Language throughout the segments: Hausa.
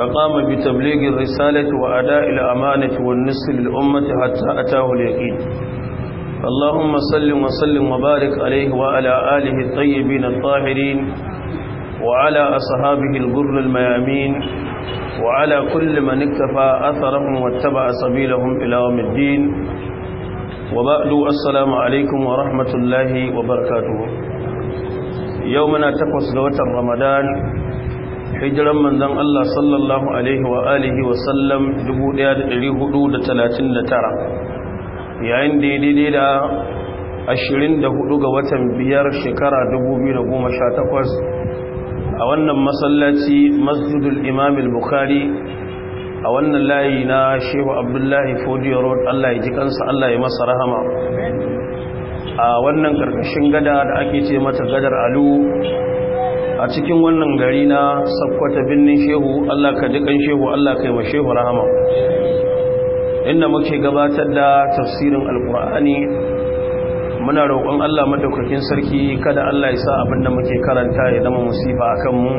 فقام بتبليغ الرسالة وأداء الأمانة والنصر للأمة حتى أتاه اليقين اللهم صل وسلم وبارك عليه وعلى آله الطيبين الطاهرين وعلى أصحابه الغر الميامين وعلى كل من اكتفى أثرهم واتبع سبيلهم إلى يوم الدين وبعد السلام عليكم ورحمة الله وبركاته يومنا تقوس قوة رمضان hijiran manzan Allah sallallahu alaihi wa alihi wa sallam 1439 yayin da daidai da 24 ga watan biyar shekara 2018 a wannan masallaci masjidul imam al-bukhari a wannan layi na shehu abdullahi fodiyo road allah ya ji kansa allah ya masa rahama a wannan karkashin gada da ake ce mata gadar alu a cikin wannan gari na sakkwata birnin shehu Allah ka jikan shehu Allah ka yi wa shehu rahama inda muke gabatar da tafsirin alkur'ani muna roƙon Allah madaukakin sarki kada Allah ya sa abinda muke karanta ya zama musifa a kanmu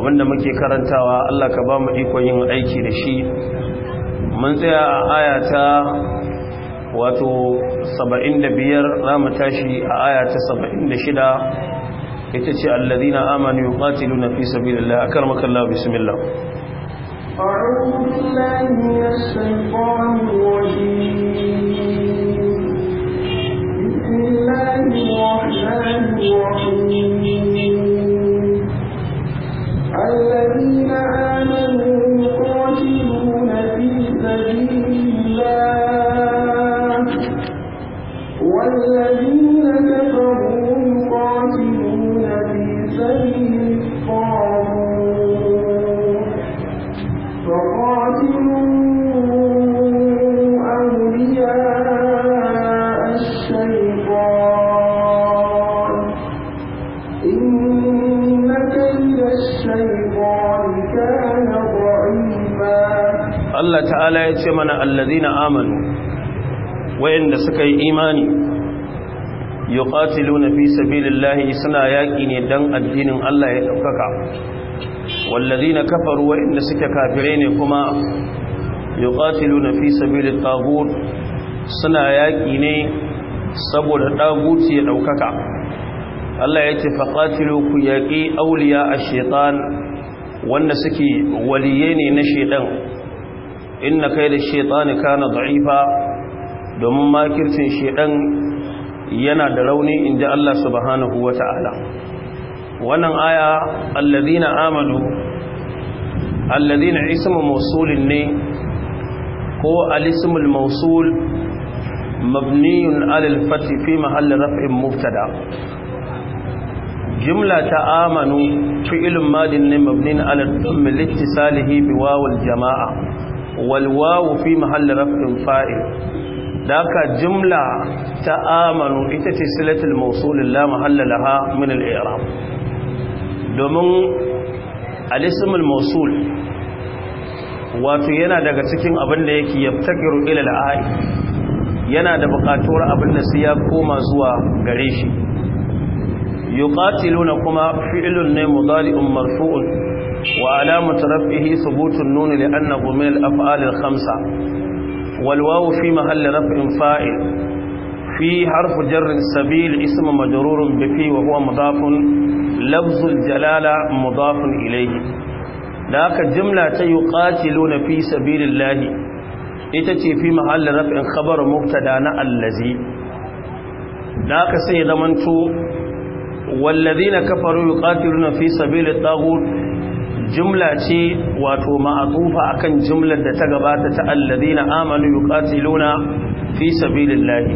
abinda muke karantawa Allah ka ba mu ikon yin aiki da shi mun tsaya a ayata wato 75 za mu tashi a ayata 76 ita ce alladhina amanu yuqatiluna fi sabilillah akarmaka Allah bismillah أعوذ بالله من الشيطان الرجيم بسم الله الرحمن الرحيم الذين آمنوا mana allazina amanu wayanda suka yi imani yuqatiluna fi sabilillahi suna yaki ne dan addinin Allah ya daukaka wallazina kafaru wayanda suke kafire ne kuma yuqatiluna fi sabilit taghut suna yaki ne saboda daguci ya daukaka Allah ya ce faqatilu ku yaqi awliya ash-shaytan wanda suke waliye ne na shaytan inna kai da shaitani kana da'ifa domin makircin shaidan yana da rauni in ji Allah subhanahu wa ta'ala wannan aya alladhina Amadu, alladhina ismu mawsulin ne ko Alismul ismul mabniyun ala fi mahall raf'in Muftada, jumla ta amanu fi'lun madin ne mabnin ala al-dhamm jamaa walwawu fi mahalli rafin fa'il da aka jimla ta amanu ita ce silatul mausulun la ha min al'iram domin alisimul mausul wato yana daga cikin abin da yake yabtakiru ilal a'i yana da bukatuwar abin da su ya koma zuwa gare shi na kuma fi'ilun ne mudari'un marfu'un وعلامة رفعه ثبوت النون لأنه من الأفعال الخمسة والواو في محل رفع فاعل في حرف جر السبيل اسم مجرور بفي وهو مضاف لفظ الجلالة مضاف إليه ذاك جملة يقاتلون في سبيل الله إتتي في محل رفع خبر مبتدانا الذي ذاك سيدمنتو والذين كفروا يقاتلون في سبيل الطاغوت jumla ce wato ma'atufa akan jumlar da ta gabata ta alladhina amanu yuqatiluna fi sabilillahi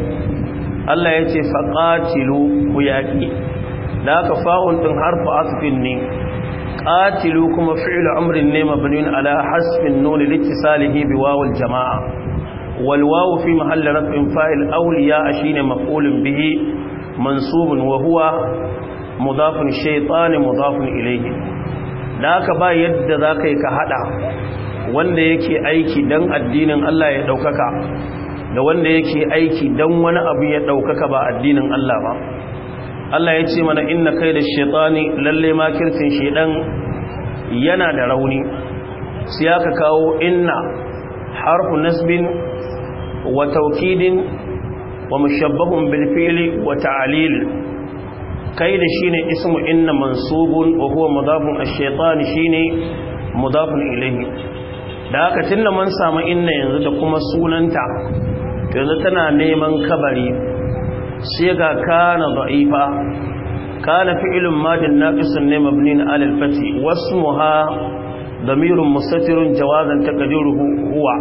Allah yace faqatilu ku yaqi da ka fa'un din harfu asfin ne qatilu kuma fi'l amrin ne mabniun ala hasbin nun litisalihi bi wawil jamaa wal wawu fi mahall raf'in fa'il awliya shine maf'ulun bihi mansubun wa huwa mudafun shaytan mudafun ilayhi da aka ba yadda za ka yi ka haɗa wanda yake aiki don addinin Allah ya ɗaukaka da wanda yake aiki don wani abu ya ɗaukaka ba addinin Allah ba Allah ya ce mana inna kai da shaitani lalle makircin shaidan yana da rauni sai aka kawo inna harfu nasbin wa taukidin wa mushabbahun bil wa ta'lil Kai shi ne ismu inna mansubun wa huwa mudafun ash shi ne mudafun ilayhi da aka tunda mun samu inna yanzu da kuma sunanta yanzu tana neman kabari sai ga kana da'ifa kana fi'lun madin naqisun ne mabni ala al-fathi wasmuha damirun mustatirun jawazan taqdiruhu huwa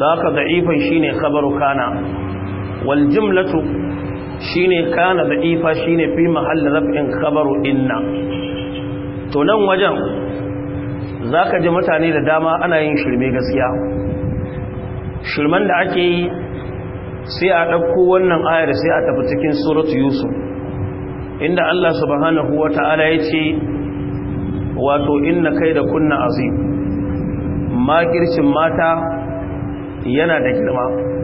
da haka da'ifan shine khabaru kana wal jumlatu Shi ne kana da Ifa shi ne fi mahalli zafin kabaru inna to nan wajen za ka ji mutane da dama ana yin shirme gaskiya shirman da ake yi sai a ɗauko wannan ayar sai a tafi cikin suratu yusuf inda Allah su subhanahu ta'ala ya ce wato inna kai da kunna azim makircin mata yana da girma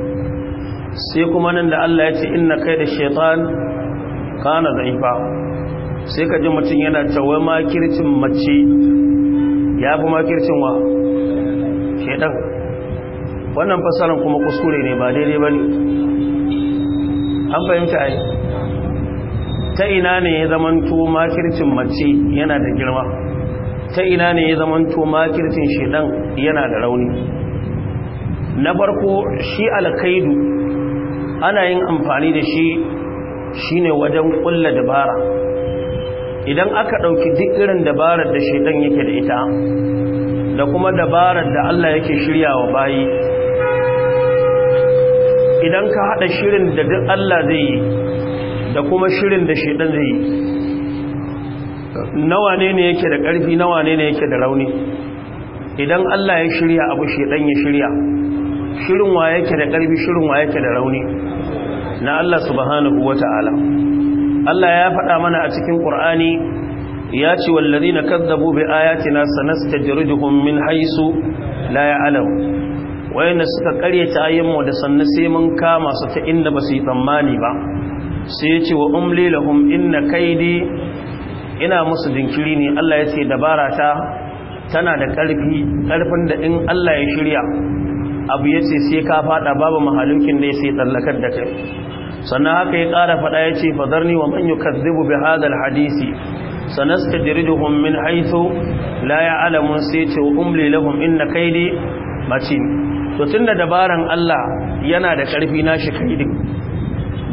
sai kuma nan da Allah ya ce inna kai da shaitan kana zaifa sai ka ji mutum yana cewa makircin mace ya fi makircin wa shaitan wannan fasaran kuma kuskure ne ba daidai ba ne an fahimta ai ta ina ne ya zamanto makircin mace yana da girma ta ina ne ya zamanto makircin shaitan yana da rauni na farko shi alkaidu ana yin amfani da shi shi ne wajen kulla dabara idan aka ɗauki duk irin dabarar da shaidan yake da ita da kuma dabarar da Allah yake shirya wa bayi idan ka haɗa shirin da duk Allah zai yi da kuma shirin da shaidan zai yi nawa ne ne yake da ƙarfi nawa ne ne yake da rauni idan Allah ya shirya abu shaidan ya shirya shirin wa yake da ƙarfi shirin wa yake da rauni na Allah subhanahu wata'ala Allah ya faɗa mana a cikin Qur'ani ya ce wallazina kazzabu bi ayatina sanastajriduhum min haisu la ya'lam wayanda suka ƙaryata ayyammu da sannan sai mun kama su ta inda ba su yi tsammani ba sai ya ce wa umli lahum inna kaidi ina musu jinkiri ne Allah ya ce dabara ta tana da ƙarfi ƙarfin da in Allah ya shirya abu ya ce sai ka fada babu mahalukin da ya sai tsallakar da kai sannan haka ya kara faɗa ya ce fadarni wa man yukazzibu bi hadal hadisi sanastadrijuhum min haythu la ya'lamun sai ce umli lahum inna kaydi matin to tunda dabaran Allah yana da ƙarfi na shi kaidin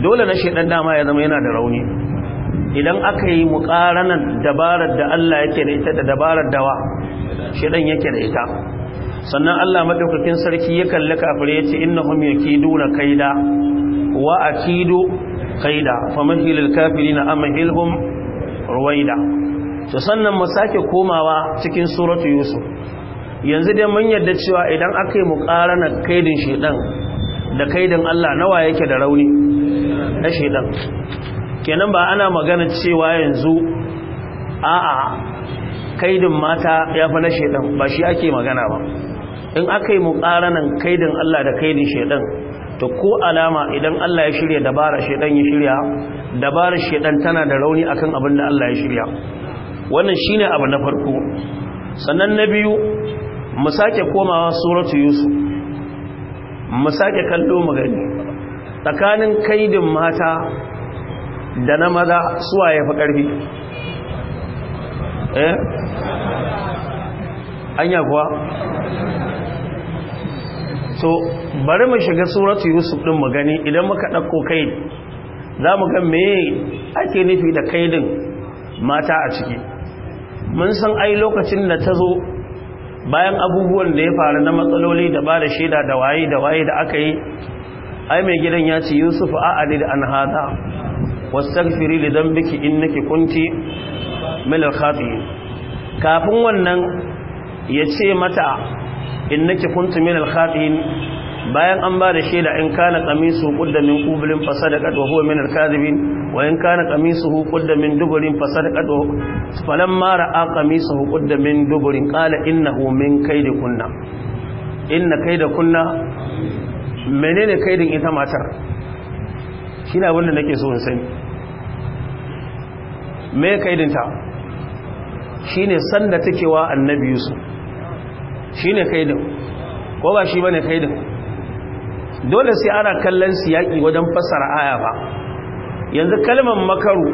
dole na shedan dama ya zama yana da rauni idan aka yi muqaranan dabarar da Allah yake da ita da dabarar dawa shedan yake da ita sannan Allah madaukakin sarki ya kalli kafire yace innahum yakiduna kaida wa akidu kaida Fa famahilil kafirina amhilhum ruwaida to sannan mu sake komawa cikin suratu yusuf yanzu dai mun yarda cewa idan aka yi muƙarana kaidin shedan da kaidin Allah nawa yake da rauni na shedan kenan ba ana magana cewa yanzu a'a kaidin mata ya fi na shedan ba shi ake magana ba in aka yi muƙaranan kaidin Allah da kaidin shaidan to ko alama idan Allah ya shirya dabara shaidan ya shirya dabarar shaidan tana da rauni akan abin da Allah ya shirya wannan shine abu na farko sannan na biyu mu sake komawa suratu yusuf mu sake kallo mu gani tsakanin kaidin mata da na maza suwa ya fi ƙarfi eh anya kuwa so bari mu shiga suratu yusuf din magani idan muka ɗauko kai za mu ga me ake nufi da kaidin mata a ciki mun san ai lokacin da ta zo bayan abubuwan da ya faru na matsaloli da ba da shaida da waye da waye da aka yi ai mai gidan ya ce yusuf ali da an hada wastaghfiri li dhanbiki innaki kunti mil al kafin wannan ya ce mata innaki kuntu min al-khati'in bayan an ba da shaida in kana qamisu qudda min qublin fasadaqat wa huwa min al-kadhibin wa in kana qamisuhu qudda min duburin fasadaqat falamma ra'a qamisuhu qudda min duburin qala innahu min kaydikunna inna kaydakunna menene kaidin ita matar shine abin da nake so in sani me kaidinta shine sanda take wa annabi Yusuf shi ne kaidin ko ba shi ba ne dole sai ana kallon siyaki wajen fassara aya ba yanzu kalmar makaru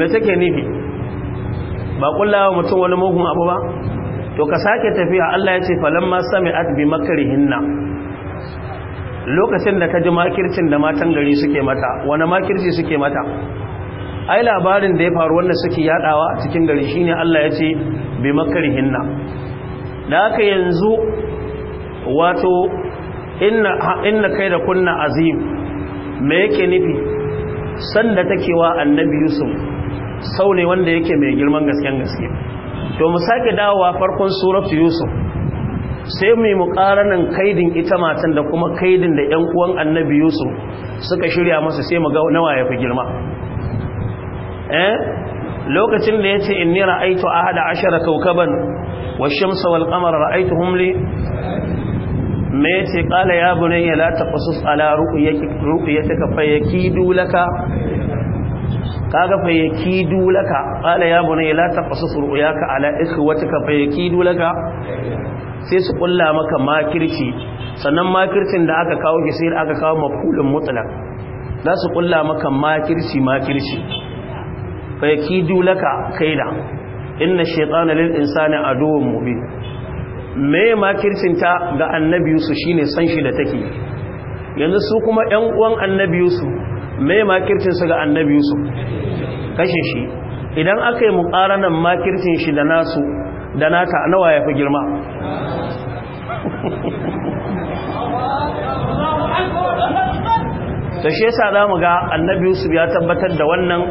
mai take nufi ba kullawa mutum wani mugun abu ba to ka sake tafiya Allah ya ce falamma sami'at bi makarihinna lokacin da ka ji makircin da matan gari suke mata wani makirci suke mata ai labarin da ya faru wanda suke yadawa cikin gari shine Allah ya ce bi makarihinna da aka yanzu wato inna kai da kunna azim me yake nufi sanda take wa annabi yusuf sau ne wanda yake mai girman gasken gaske to mu sake dawowa farkon suratu yusuf sai mai mukaranan kaidin ita matan da kuma kaidin da yan uwan annabi yusuf suka shirya masa sai mu ga nawa ya fi girma eh lokacin da yace inni ra'aytu ahada ashara kawkaban wash-shamsa wal-qamara ra'aytuhum li me yace qala ya bunayya la taqasus ala ya taka fayakidu laka kaga fayakidu laka qala ya ya bunayya la ya ka ala wata ikhwatika fayakidu dulaka? sai su kulla maka makirci sannan makircin da aka kawo gisir aka kawo mafulin mutlaq za su kulla maka makirci makirci fa yakidu laka kaida inna shaytana lil insani aduwwun mubin me makircinta ga annabi yusuf shine san shi da take yanzu su kuma ɗan uwan annabi yusuf me makircinsa ga annabi yusuf kashe shi idan aka yi muƙaranan makircin shi da nasu da nata nawa ya fi girma ta shi yasa za mu ga annabi yusuf ya tabbatar da wannan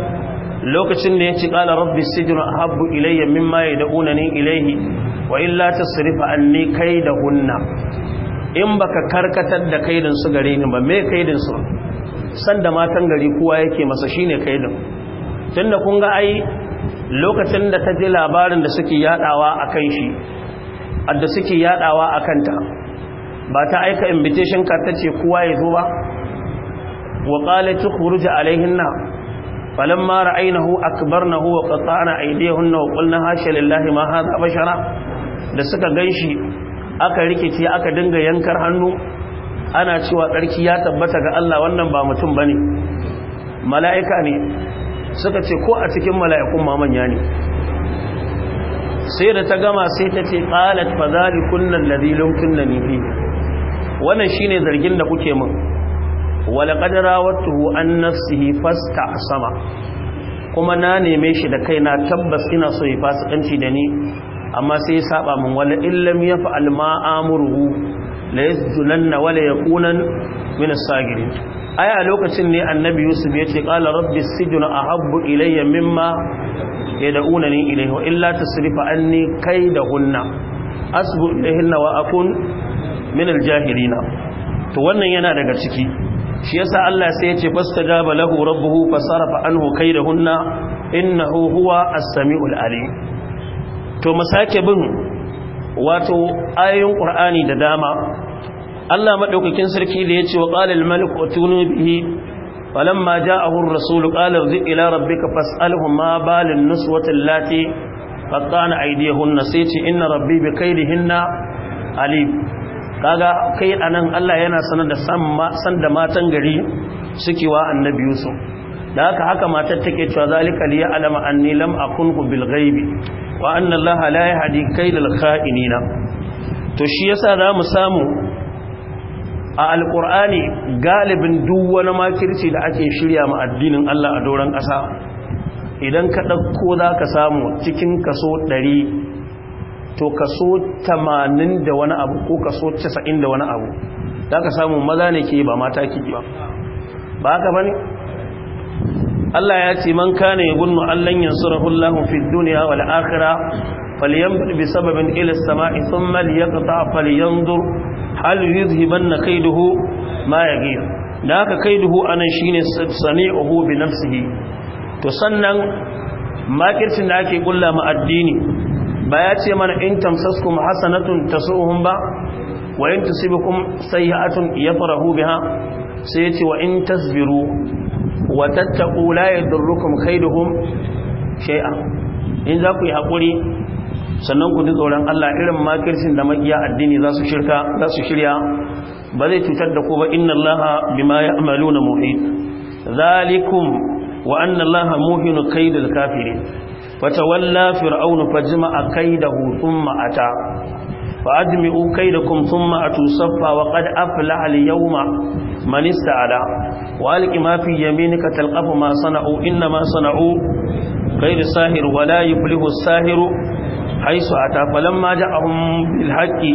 lokacin da ya ci ƙala rabbi sijin habbu ilayya min ya da unanin ilayhi wa illa tasrifa anni kai da hunna in baka karkatar da kaidin su gare ni ba me kaidin su san da matan gari kowa yake masa shine kaidin tunda kun ga ai lokacin da ta ji labarin da suke yadawa akan shi adda suke yadawa akan ta ba ta aika invitation card tace kowa ya zo ba wa qalat alaihin na. فلما رأينه أكبرنه وقطعنا أيديهن وقلنا هاشا لله ما هذا بشرا da suka ganshi aka rikice aka dinga yankar hannu ana cewa tsarki ya tabbata ga Allah wannan ba mutum bane mala'ika ne suka ce ko a cikin mala'ikun ma manya ne sai da ta gama sai ta ce qalat fadhalikunna alladhi lumkunna fi wannan shine zargin da kuke min ولقد راوته fasta a sama kuma na neme shi da kaina tabbas ina so ya fasikanci da ni amma sai ya saba min wala illam yaf'al ma amruhu la yasjulanna wala yakunan min as-sagirin aya lokacin ne annabi yusuf ya ce qala rabbi as-sijnu ahabbu ilayya mimma yad'unani ilayhi wa illa tasrifa anni hunna asbu ilayhinna wa akun min jahilina to wannan yana daga ciki shi yasa Allah sai ya ce fastajaba lahu rabbuhu fasarafa anhu kaidahunna innahu huwa as-sami'ul alim to masake bin wato ayoyin qur'ani da dama Allah madaukakin sarki da yace wa qala al-malik utunu bihi falamma ja'ahu ar-rasul qala zi ila rabbika fas'alhum ma balun nuswati allati qattana aydihunna sayti inna rabbi bi kaydihinna alim kaga kai anan Allah yana sanar da san da matan gari suke wa annabi Yusuf da haka haka matar take cewa zalika li alama anni lam akunhu bil ghaibi wa anna Allah la yahdi kaydal kha'inina to shi yasa zamu samu a alqur'ani galibin duk wani makirci da ake shirya ma addinin Allah a doran ƙasa idan ka dauko zaka samu cikin kaso 100 to kaso tamanin da wani abu ko kaso casa'in da wani abu da ka samu maza ne ke ba mata ke ba ba haka ba ne Allah ya ce man kane gunnu allan yansurahu Allahu fid duniya wa akhirah faliyan bi sababin ila as-sama'i thumma liyaqta falyandur hal kai duhu ma yaghir da haka kayduhu anan shine sani'uhu bi nafsihi to sannan makircin da ake kulla ma addini ba ya ce mana in tamsaskum hasanatun tasuhum ba wa in tusibukum sayyi'atun yafrahu biha sai ya ce wa in tasbiru wa tattaqu la yadurrukum kaiduhum shay'a in za ku yi hakuri sannan ku ji tsoron Allah irin makircin da makiya addini za su shirka za su shirya ba zai cutar da ku ba inna Allaha bima ya'maluna muhit zalikum wa anna Allaha muhinu kaidil kafirin fatawalla fir'aunu fajma akaidahu thumma ata fa ajmi'u kaidakum thumma atusaffa wa qad aflaha al-yawma man ista'ala wa alqi ma fi yaminika talqafu ma sana'u inna ma sana'u ghayr sahir wa la yuflihu as-sahir haythu ata falamma ja'ahum bil haqqi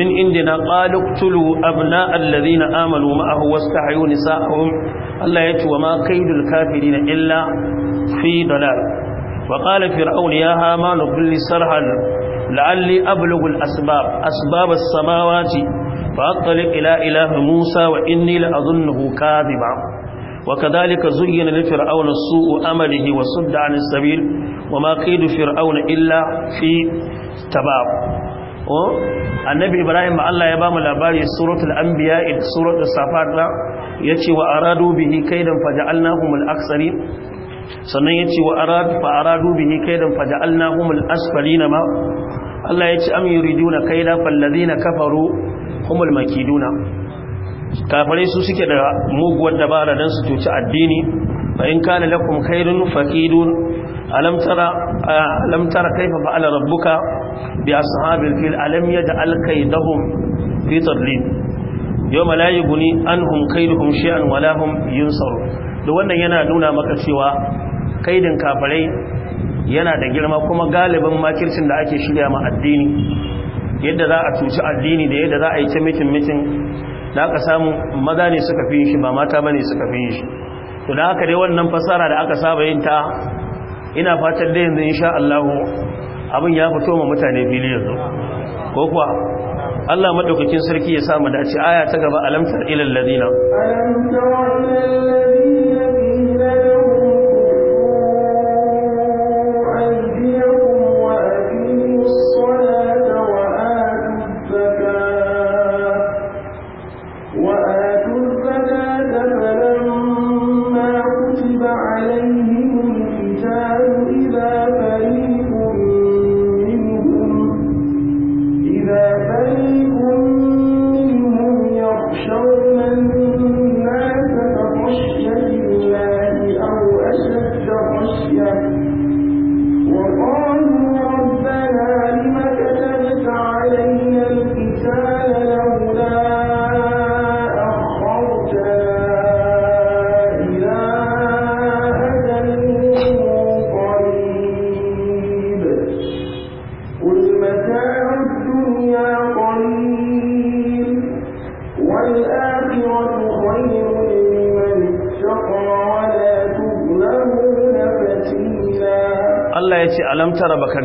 min indina qalu qtulu abna'a alladhina amanu nisa wastahiyu nisa'uhum Allah yace wa ma kaidul kafirin illa fi dalal وقال فرعون يا هامان ابن لي صرحا لعلي أبلغ الأسباب أسباب السماوات فأطلق إلى إله موسى وإني لأظنه كاذبا وكذلك زين لفرعون سوء أمله وصد عن السبيل وما قيد فرعون إلا في تباب annabi ibrahim Allah ya bamu labari suratul anbiya suratul safat yace wa aradu bihi kaidan faj'alnahum al-aksari sannan ya ce wa aradu bihi kaidan faja'alnahum al-asfalina ma Allah ya ce am yuriduna kaida fallazina kafaru humul makiduna kafare su suke da muguwar dabara don su tuci addini fa in kana lakum khairun faqidun alam tara alam tara kayfa fa'ala rabbuka bi ashabil fil alam yaj'al kaidahum fi tadlil yawma la yughni anhum kaiduhum shay'an wala yin tsaro. da wannan yana nuna maka cewa kaidin kafirai yana da girma kuma galibin makircin da ake shirya ma addini yadda za a cuci addini da yadda za a yi ta mitin mitin da aka samu maza ne suka fi shi ba mata ba ne suka fi shi to da haka dai wannan fasara da aka saba yin ta ina fatan da yanzu insha Allah abin ya fito ma mutane fili yanzu ko kuwa Allah madaukakin sarki ya sa mu dace aya ta gaba alamtar ilal ladina alamtar ilal ladina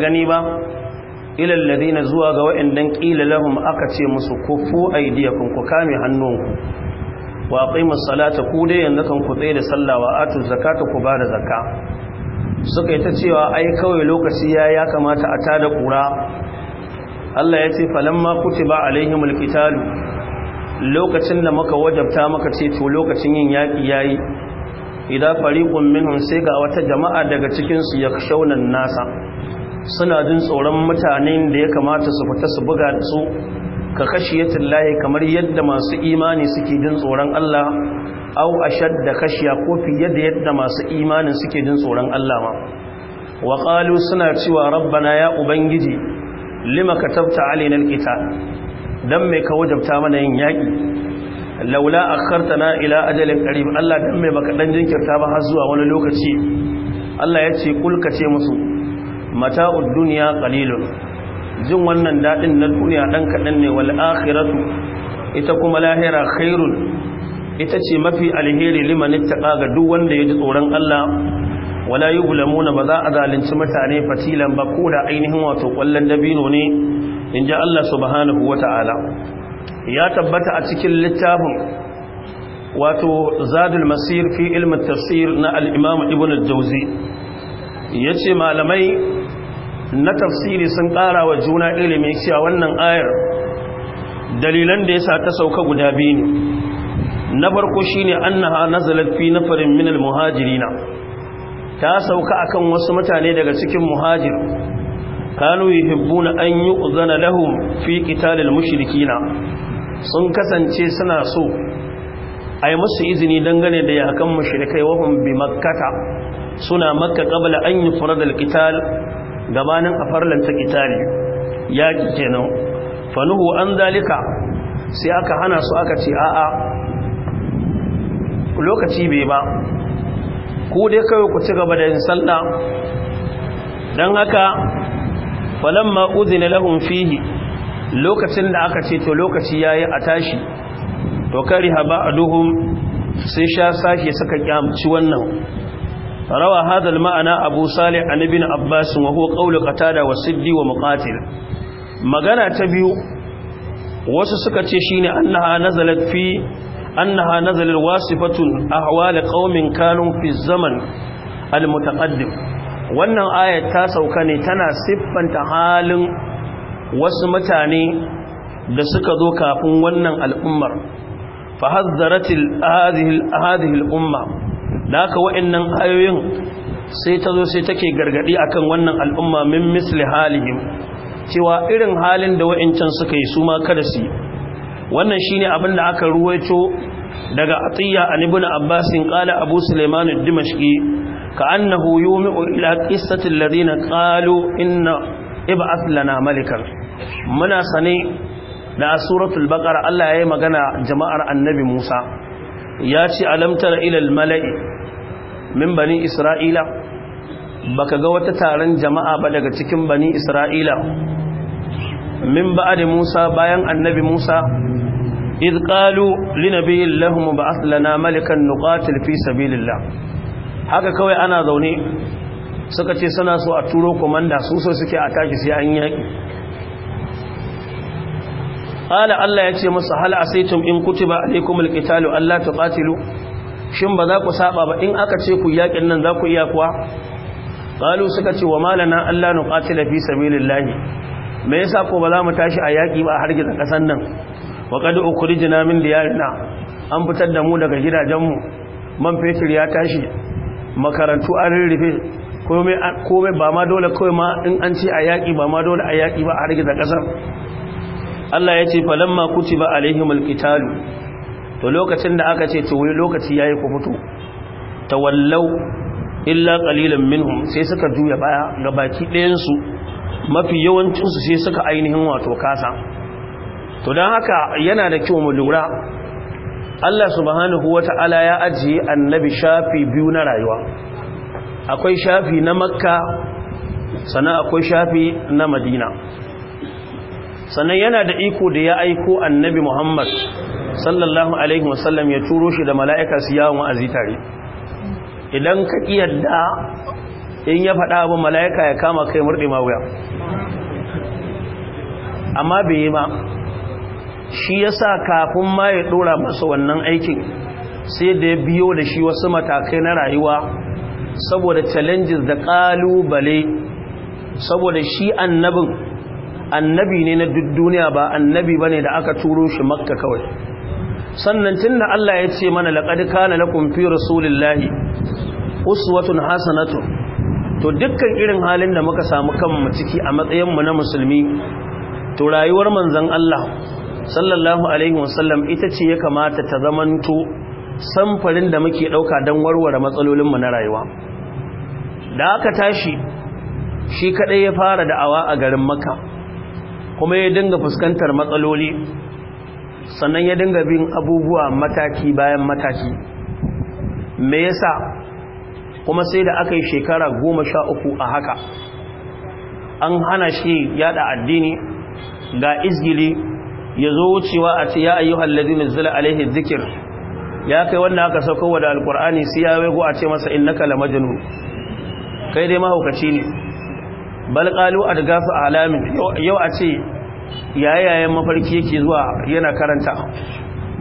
gani ba ilal ladina zuwa ga wa'indan qila lahum aka ce musu kufu aydiyakum ku kame hannunku wa aqimus salata ku dai yanzu kan ku tsaye da sallah wa atu zakata ku bada zakka suka yi ta cewa ai kawai lokaci ya ya kamata a tada kura Allah ya ce falamma kutiba alaihimul qital lokacin da muka wajabta muka ce to lokacin yin yaki yayi idan fariqun minhum sai ga wata jama'a daga cikin su yakshawnan nasa suna jin tsoron mutanen da ya kamata su fita su buga da su ka kashiyatin layi kamar yadda masu imani suke jin tsoron Allah au ashad da kashiya ko fiye da yadda masu imanin suke jin tsoron Allah ma wa suna cewa rabbana ya ubangiji lima katabta alaina alqital dan me ka wajabta mana yin yaki laula a akhartana ila ajalin qarib Allah dan me baka dan jinkirta ba har zuwa wani lokaci Allah ya ce kulka ce musu Mata duniya Kalilun, jin wannan daɗin na duniya dan kaɗan ne wal akhiratu ita kuma lahira khairun ita ce mafi alheri liman ittaqa ga duk wanda ya ji tsoron Allah wala yublamuna ba za a zalunci mutane fatilan ba ko da ainihin wato kwallon dabino ne inji Allah subhanahu wata'ala ya tabbata a cikin littafin wato zadul masir fi ilmin tafsir na al'imamu ibnu al-jauzi ya ce malamai na tafsiri sun ƙara wa juna ilimi cewa wannan ayar dalilan da ya sa ta sauka guda biyu ne na farko shine annaha nazalat fi nafarin min almuhajirina ta sauka akan wasu mutane daga cikin muhajir kanu yuhibbuna an yu'zana lahum fi qitalil mushrikina sun kasance suna so ai musu izini dangane da yakan mushrikai wahum bi makkata suna makka qabla an yufrada alqital gabanin a farlanta ya yaƙi kenan fanuhu an dalika sai aka hana su aka ce a'a lokaci bai ba ku dai kawai ku ci gaba da yin salla don haka falamma uzina lahum fihi lokacin da aka ce to lokaci yayi a tashi to kariha Duhun sai sha sashi suka kyamci wannan روى هذا المعنى أبو صالح عن ابن عباس وهو قول قتادة وسدي ومقاتل مغانا تبيو وسسكت شين أنها نزلت في أنها نزل واسفة أحوال قوم كانوا في الزمن المتقدم وأن آية تاسع كان تنا سفا حال وسمتاني da suka zo kafin wannan al'ummar fa hazzaratil hadhihi hadhihi al'umma da haka wa'annan ayoyin sai ta zo sai take gargadi akan wannan al'umma min misli halihim cewa irin halin da wa'incan suka yi su ma kada su wannan shine abin da aka ruwaito daga Atiyya an ibn abbas qala abu sulaiman ad-dimashqi ka'annahu yumi'u ila qissati alladhina qalu inna ib'ath lana malikan muna sane da suratul baqara Allah yayi magana jama'ar annabi Musa ya ce alam ila al-mala'i min bani isra'ila baka ga wata taron jama'a ba daga cikin bani isra'ila min ba'ad musa bayan annabi musa idh qalu li الله lahum ba'ath lana malikan nuqatil fi sabilillah haka kawai ana zaune suka ce suna so a turo komanda su so suke a tafi sai an yaki qala Allah ya ce masa hal asaytum in kutiba alaykumul qitalu alla tuqatilu shin ba za ku saba ba in aka ce ku yaƙin nan za ku iya kuwa ƙalu suka ce wa malana Allah da fi sabilillah me yasa ko ba za mu tashi a yaƙi ba har gida ƙasan nan wa qad ukhrijna min na. an fitar da mu daga gidajenmu man fetur ya tashi makarantu an rufe komai ba ma dole kawai ma in an ce a yaƙi ba ma dole a yaƙi ba a har gida ƙasan Allah ya ce falamma ba alaihimul kitalu to lokacin da aka ce wani lokaci ya yi ku ta wallau illa kalilan minhu sai suka juya baya ga baki ɗayensu mafi yawancinsu sai suka ainihin wato kasa to don haka yana da kyau mu lura Allah subhanahu ta'ala ya ajiye annabi shafi biyu na rayuwa akwai shafi na makka sannan akwai shafi na madina sannan yana da iko da ya aiko annabi muhammad sallallahu alaihi wasallam ya turo shi da mala'ika su yawon wa'azi tare idan ka kiyarda in ya faɗa abin mala'ika ya kama kai murɗe ma wuya amma bai yi ma shi ya sa kafin ma ya ɗora masa wannan aikin sai da ya biyo da shi wasu matakai na rayuwa saboda challenges da ƙalubale saboda shi annabin annabi ne na duk duniya ba annabi ba ne da aka turo shi makka kawai sannan tun da Allah ya ce mana laqad kana lakum fi rasulillahi uswatun hasanatu to dukkan irin halin da muka samu kanmu ciki a matsayin mu na musulmi to rayuwar manzon Allah sallallahu alaihi wasallam ita ce ya kamata ta zamanto samfarin da muke ɗauka dan warware matsalolin mu na rayuwa da aka tashi shi kaɗai ya fara da'awa a garin Makka kuma ya dinga fuskantar matsaloli sannan ya dinga bin abubuwa mataki bayan mataki me yasa kuma sai da aka yi shekara goma sha uku a haka an hana shi yada addini ga izgili ya zo wucewa a ce ya ayyu hallazi nuzula alaihi zikir ya kai wannan aka saukowa da alkur'ani sai ya wego a ce masa innaka la majnun kai dai mahaukaci ne bal qalu adgafu alamin yau a ce yayayen mafarki yake zuwa yana karanta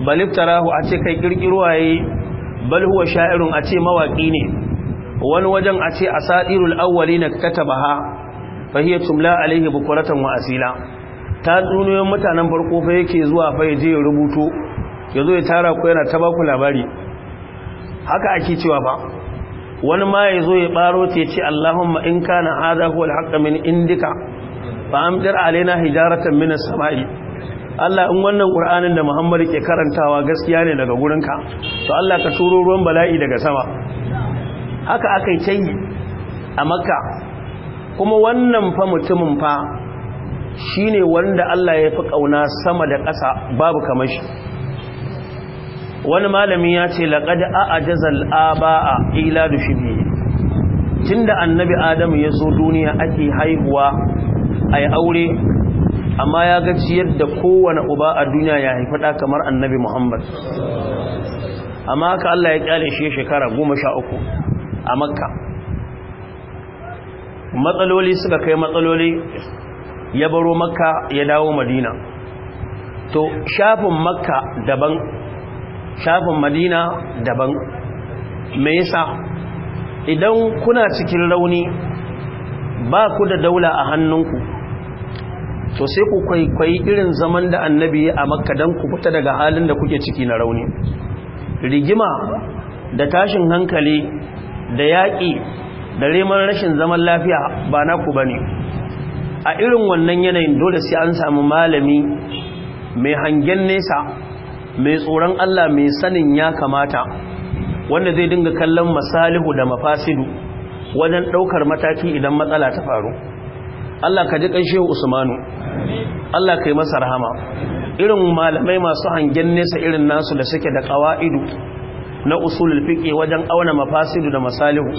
baliftarahu a ce kai kirkirwaye bal huwa sha'irun a ce mawaki ne wani wajen a ce asatirul na katabaha fa hiya tumla alaihi bukuratan wa asila ta tsuniyoyin mutanen farko fa yake zuwa fa yaje ya rubuto yazo ya tara ku yana ta baku labari haka ake cewa ba wani ma yazo ya baro ta ce Allahumma in kana hadha huwa al min indika fa amdir alaina hijaratan minas sama'i Allah in wannan Qur'anin da Muhammad ke karantawa gaskiya ne daga gurinka to Allah ka turo ruwan bala'i daga sama haka akai tai a Makka kuma wannan fa mutumin fa shine wanda Allah ya fi kauna sama da ƙasa babu kamar shi wani malami ya ce laƙad a'ajazal aba'a ila da shi tunda annabi adamu ya zo duniya ake haihuwa a yi aure amma ya ga yadda da kowane uba a duniya ya haifi ɗa kamar annabi muhammad amma haka allah ya ƙyale shi shekara goma sha uku a makka matsaloli suka kai matsaloli ya baro makka ya dawo madina to shafin makka daban shafin madina daban me yasa idan kuna cikin rauni ba ku da daula a hannunku to sai ku kwaikwayi irin zaman da annabi a makka ku fita daga halin da kuke ciki na rauni rigima da tashin hankali da yaƙi da reman rashin zaman lafiya ba naku ba ne a irin wannan yanayin dole sai an samu malami mai hangen nesa mai tsoron Allah mai sanin ya kamata wanda zai dinga kallon masalihu da mafasidu wajen ɗaukar mataki idan matsala ta faru Allah ka ji ƙanshe Usmanu Allah ka yi masa rahama irin malamai masu hangen nesa irin nasu da suke da ƙawa'idu na usulul fiqh wajen auna mafasidu da masalihu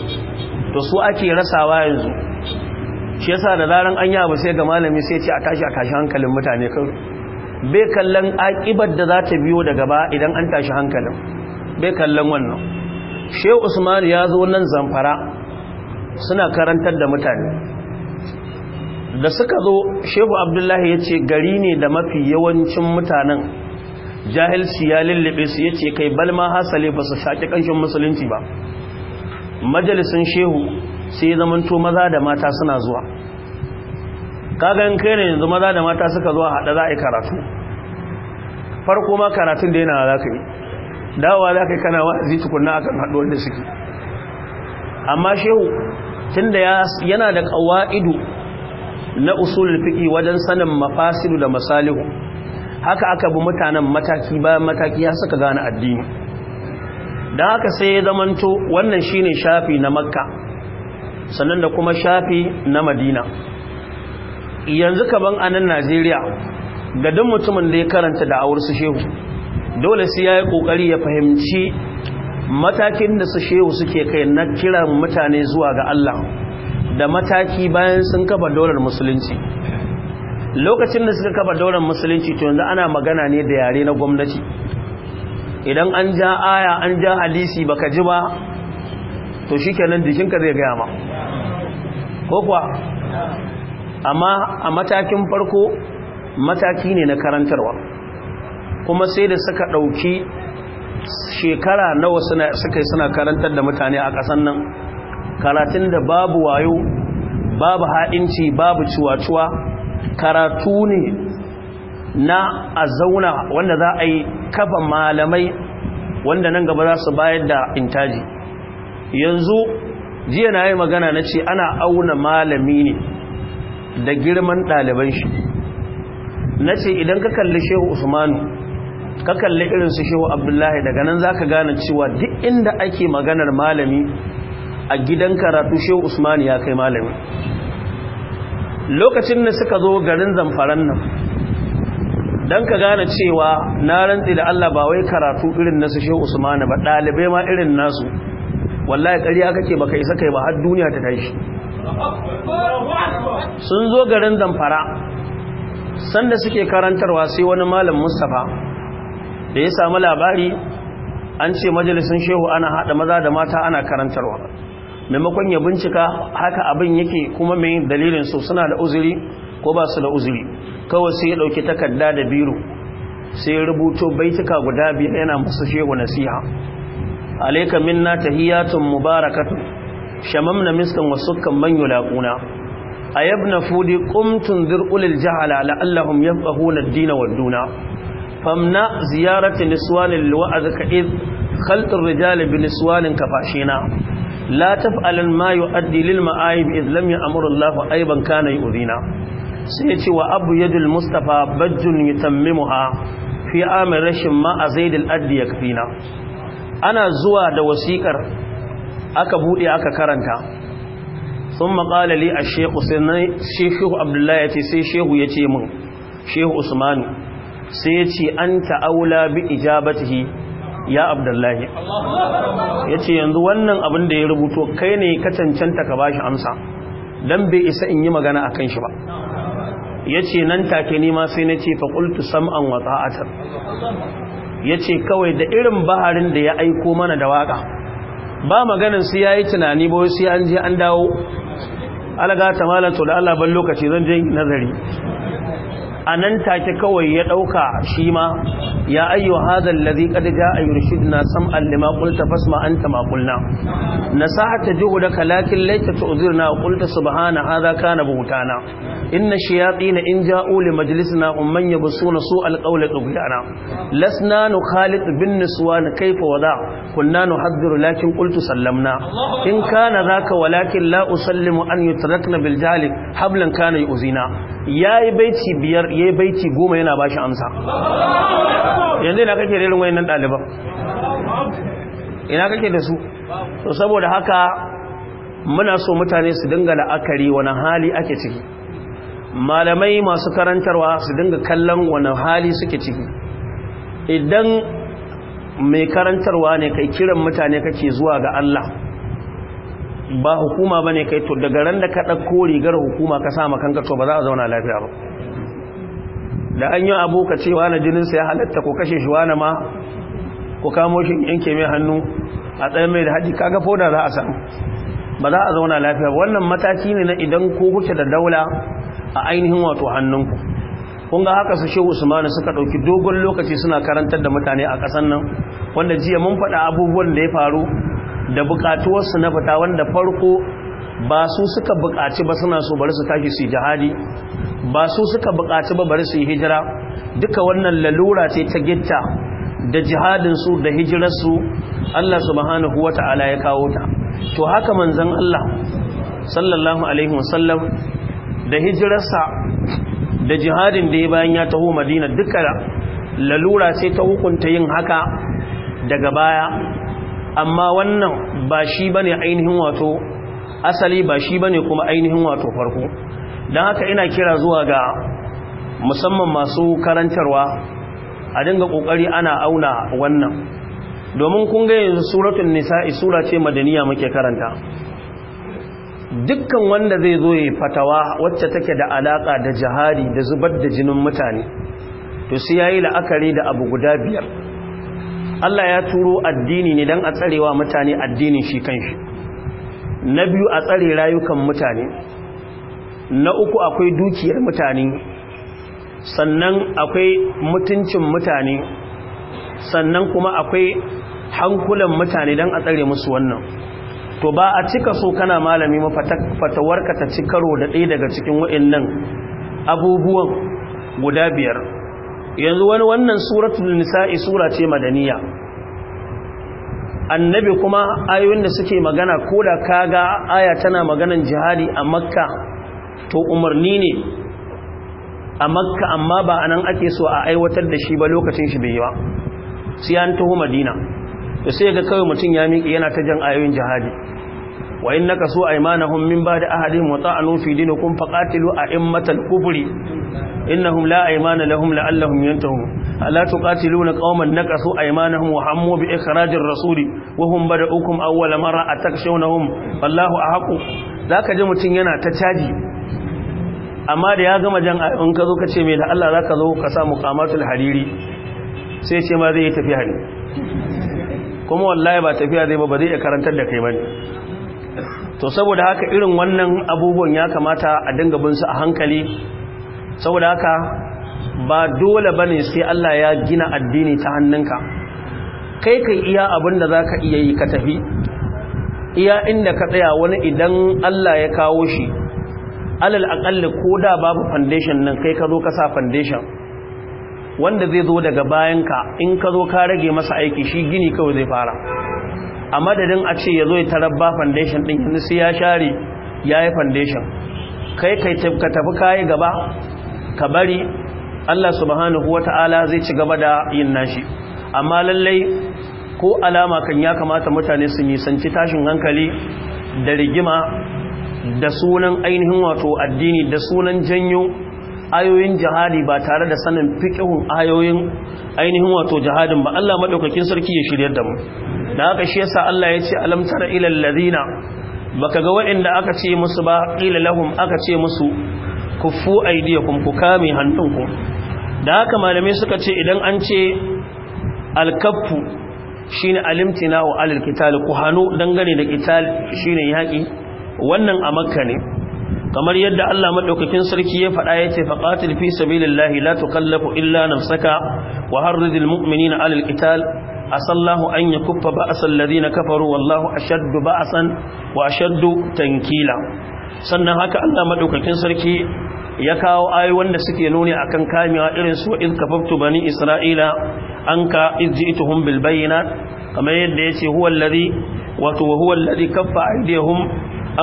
to su ake rasawa yanzu shi yasa da zaran an yi abu sai ga malami sai ce a tashi a tashi hankalin mutane kai. bai kallon aƙibar da za ta biyo daga ba idan an tashi hankalin bai kallon wannan shehu usman ya zo nan zamfara suna karantar da mutane da suka zo shehu abdullahi ya ce gari ne da mafi yawancin mutanen jahilci ya lullube su ya ce kai balma hasali ba su shaƙi ƙanshin musulunci ba majalisun shehu sai zamanto maza da mata suna zuwa kagan kai ne yanzu maza da mata suka zuwa haɗa za a yi karatu farko ma karatun da yana za ka yi dawowa za ka yi kana wa'azi tukunna akan haɗuwar da suke amma shehu tunda yana da ƙawa'idu na usulul wajen sanin mafasilu da masalihu haka aka bi mutanen mataki bayan mataki ya suka gane addini dan haka sai ya zamanto wannan shine shafi na makka sannan da kuma shafi na madina yanzu kaban a nan najeriya ga duk mutumin da ya karanta da awar su shehu dole sai ya yi kokari ya fahimci matakin da su shehu suke kai na kiran mutane zuwa ga Allah da mataki bayan sun kafa daular musulunci lokacin da suka kafa daular musulunci to yanzu ana magana ne da yare na gwamnati idan an ja aya an ja hadisi baka ji ba to shikenan jikinka zai gaya ma ko kuwa amma a matakin farko mataki ne na karantarwa kuma sai da suka ɗauki shekara nawa suna suka suna karantar da mutane a ƙasan nan karatun da babu wayo babu ha'inci babu cuwa cuwa karatu ne na a zauna wanda za a yi kafa malamai wanda nan gaba za su bayar da intaji yanzu jiya na yi magana na ce ana auna malami ne da girman ɗaliban shi na ce idan ka kalli shehu usmanu ka kalli irin su shehu abdullahi daga nan za ka gane cewa duk inda ake maganar malami a gidan karatu shehu usmani ya kai malami lokacin da suka zo garin zamfaran nan don ka gane cewa na rantsi da allah ba wai karatu irin nasu shehu usmani ba ɗalibai ma irin nasu wallahi ƙarya kake baka isa kai ba har duniya ta tashi sun zo garin zamfara sanda suke karantarwa sai wani malam mustapha da ya samu labari an ce majalisun shehu ana haɗa maza da mata ana karantarwa maimakon ya bincika haka abin yake kuma mai dalilin su suna da uzuri ko ba su da uzuri kawai sai ya ɗauki takarda da biro sai ya rubuto baituka guda biyar yana masu shehu nasiha alaika minna tahiyatun mubarakatun shamamna miskan wasukkan man a ayabna fudi qumtun dhirul jahala la'allahum yafqahuna ad-dina wadduna. famna ziyarati liswanin liwa'azi ka iz khaltin rijali bi liswanin kafashina la taf'alan ma yu'addi lil ma'ayib iz lam ya'muru Allah ayban kana yu'dina sai yace wa abu ya mustafa bajjun yutammimuha fi amir rashin ma azaidil addi yakfina ana zuwa da wasikar aka bude aka karanta ثم قال لي sai سنن شيخ عبد الله يتي سي شيخ يتي من شيخ عثمان sai ya ce an ta'aula bi ijabatihi ya abdullahi ya ce yanzu wannan abin da ya rubuto kai ne ka cancanta ka bashi amsa don bai isa in yi magana a kan shi ba ya ce nan take nima sai na ce faƙultu sam'an a can. ya ce kawai da irin baharin da ya aiko mana da waƙa ba maganin su ya yi tunani ba wasu ya an je an dawo alaga ta da Allah ban lokaci zan je nazari a nan take kawai ya ɗauka shi ma ya ayyu hadal ladhi qad jaa yurshidna sam'an lima qulta fasma anta ma qulna nasahata juhdaka lakin laita tu'zirna qulta subhana hadha kana buhtana inna shayatin in ja'u li majlisina umman yabsuna su'al qawl tughyana lasna nukhalit bin niswan kayfa wada kunna nuhaddiru lakin qultu sallamna in kana zaka walakin la usallimu an yutrakna bil jahli hablan kana yu'zina yayi baiti biyar yi baiti goma yana ba shi amsa yanzu yana kake irin wayannan ɗaliban ina kake da su to saboda haka muna so mutane su dinga la'akari wani hali ake ciki malamai masu karantarwa su dinga kallon wani hali suke ciki idan mai karantarwa ne kai kiran mutane kake zuwa ga Allah ba hukuma bane kai to daga ran da ka dauko rigar hukuma ka sa makanka to ba za a zauna lafiya ba da an yi abu ka ce jininsa ya halatta ko kashe shi wani ma ko kamo shi yanke mai hannu a tsaye mai da haji kaga foda za a samu ba za a zauna lafiya wannan mataki ne na idan ko kuke da daula a ainihin wato hannunku kun ga haka su shi usmanu suka ɗauki dogon lokaci suna karantar da mutane a ƙasar nan wanda jiya mun faɗa abubuwan da ya faru da buƙatuwarsu na fita wanda farko ba su suka buƙaci ba suna so bari su tashi su jihadi ba su suka buƙaci ba bari su hijira duka wannan lalura ce ta gitta da jihadinsu da hijirarsu Allah subhanahu wa ya kawo ta to haka manzon Allah sallallahu alaihi wasallam da hijirarsa da jihadin da ya bayan ya taho madina duka lalura ce ta hukunta yin haka daga baya amma wannan ba shi bane ainihin wato asali ba shi ba ne kuma ainihin wato farko don haka ina kira zuwa ga musamman masu karantarwa a dinga kokari ana auna wannan domin kun ga yanzu suratul nisa'i sura ce madaniya muke karanta dukkan wanda zai zo yi fatawa wacce take da alaka da jihadi da zubar da jinin mutane to sai yayi la'akari da abu guda biyar Allah ya turo addini ne don a tsarewa mutane addinin shi kanshi na biyu a tsare rayukan mutane na uku akwai dukiyar mutane sannan akwai mutuncin mutane sannan kuma akwai hankulan mutane don a tsare musu wannan to ba a cika so kana malami ka ta ci karo da ɗaya daga cikin wa'annan abubuwan guda biyar yanzu wani wannan suratul nisa'i sura ce madaniya annabi kuma ayoyin da suke magana ko da kaga aya tana maganan jihadi a makka to umarni ne a makka amma ba a nan ake so a aiwatar da shi ba lokacin shi bai yi ba sai an taho madina sai ga kawai mutum ya miƙe yana ta jan ayoyin jihadi wa innaka su aymanahum min ba'di ahadihim wa ta'anu fi dinikum faqatilu a'immatal kufri innahum la aymana lahum la'allahum yantahun ألا تقاتلون قوما نكثوا أيمانهم وهموا بإخراج الرسول وهم بدأوكم أول مرة أتكشونهم فالله أحق ذاك yana ta caji. amma da ya gama jan in ka zo ka ce mai da Allah za ka zo ka sa muqamatul hariri sai ce ma zai yi tafiya ne kuma wallahi ba tafiya zai ba ba zai karantar da kai bane to saboda haka irin wannan abubuwan ya kamata a dinga bin su a hankali saboda haka ba dole ba ne sai Allah ya gina addini ta hannunka kai ka iya abin da za ka iya yi ka tafi iya inda ka tsaya wani idan Allah ya kawo shi alal aƙalli ko da babu foundation nan kai ka zo ka sa foundation wanda zai zo daga bayanka in ka zo ka rage masa aiki shi gini kawai zai fara a madadin a ce ya zo ya tarabba foundation ɗin yanzu sai ya share ya yi foundation kai ka tafi kayi gaba ka bari Allah subhanahu wata'ala zai ci gaba da yin nashi amma lallai ko alama kan ya kamata mutane su nisanci tashin hankali da rigima da sunan ainihin wato addini da sunan janyo ayoyin jihadi ba tare da sanin fiqhun ayoyin ainihin wato jihadin ba Allah madaukakin sarki ya shiryar da mu da haka shi yasa Allah ya ce alam tara ilal ladina baka ga waɗanda aka ce musu ba ila lahum aka ce musu kufu fu aidiyakum ku kame hannunku da haka malamai suka ce idan an ce alkaffu ne alimtina wa alil qital kuhanu dangane da shi shine yaki wannan a makka ne kamar yadda Allah Maɗaukakin sarki ya faɗa ce, faqatil fi sabilillahi la tukallafu illa nafsaka wa harridil mu'minina alil qital asallahu an yakuffa ba'sal ladina kafaru wallahu ashaddu ba'san wa ashaddu tankila sannan haka Allah Maɗaukakin sarki ya kawo ayi wanda suke nuni akan kamewa irin su iz kafaftu bani isra'ila anka iz ji'tuhum bil bayyinat kamar yadda yace huwa alladhi wato huwa alladhi kaffa aydihum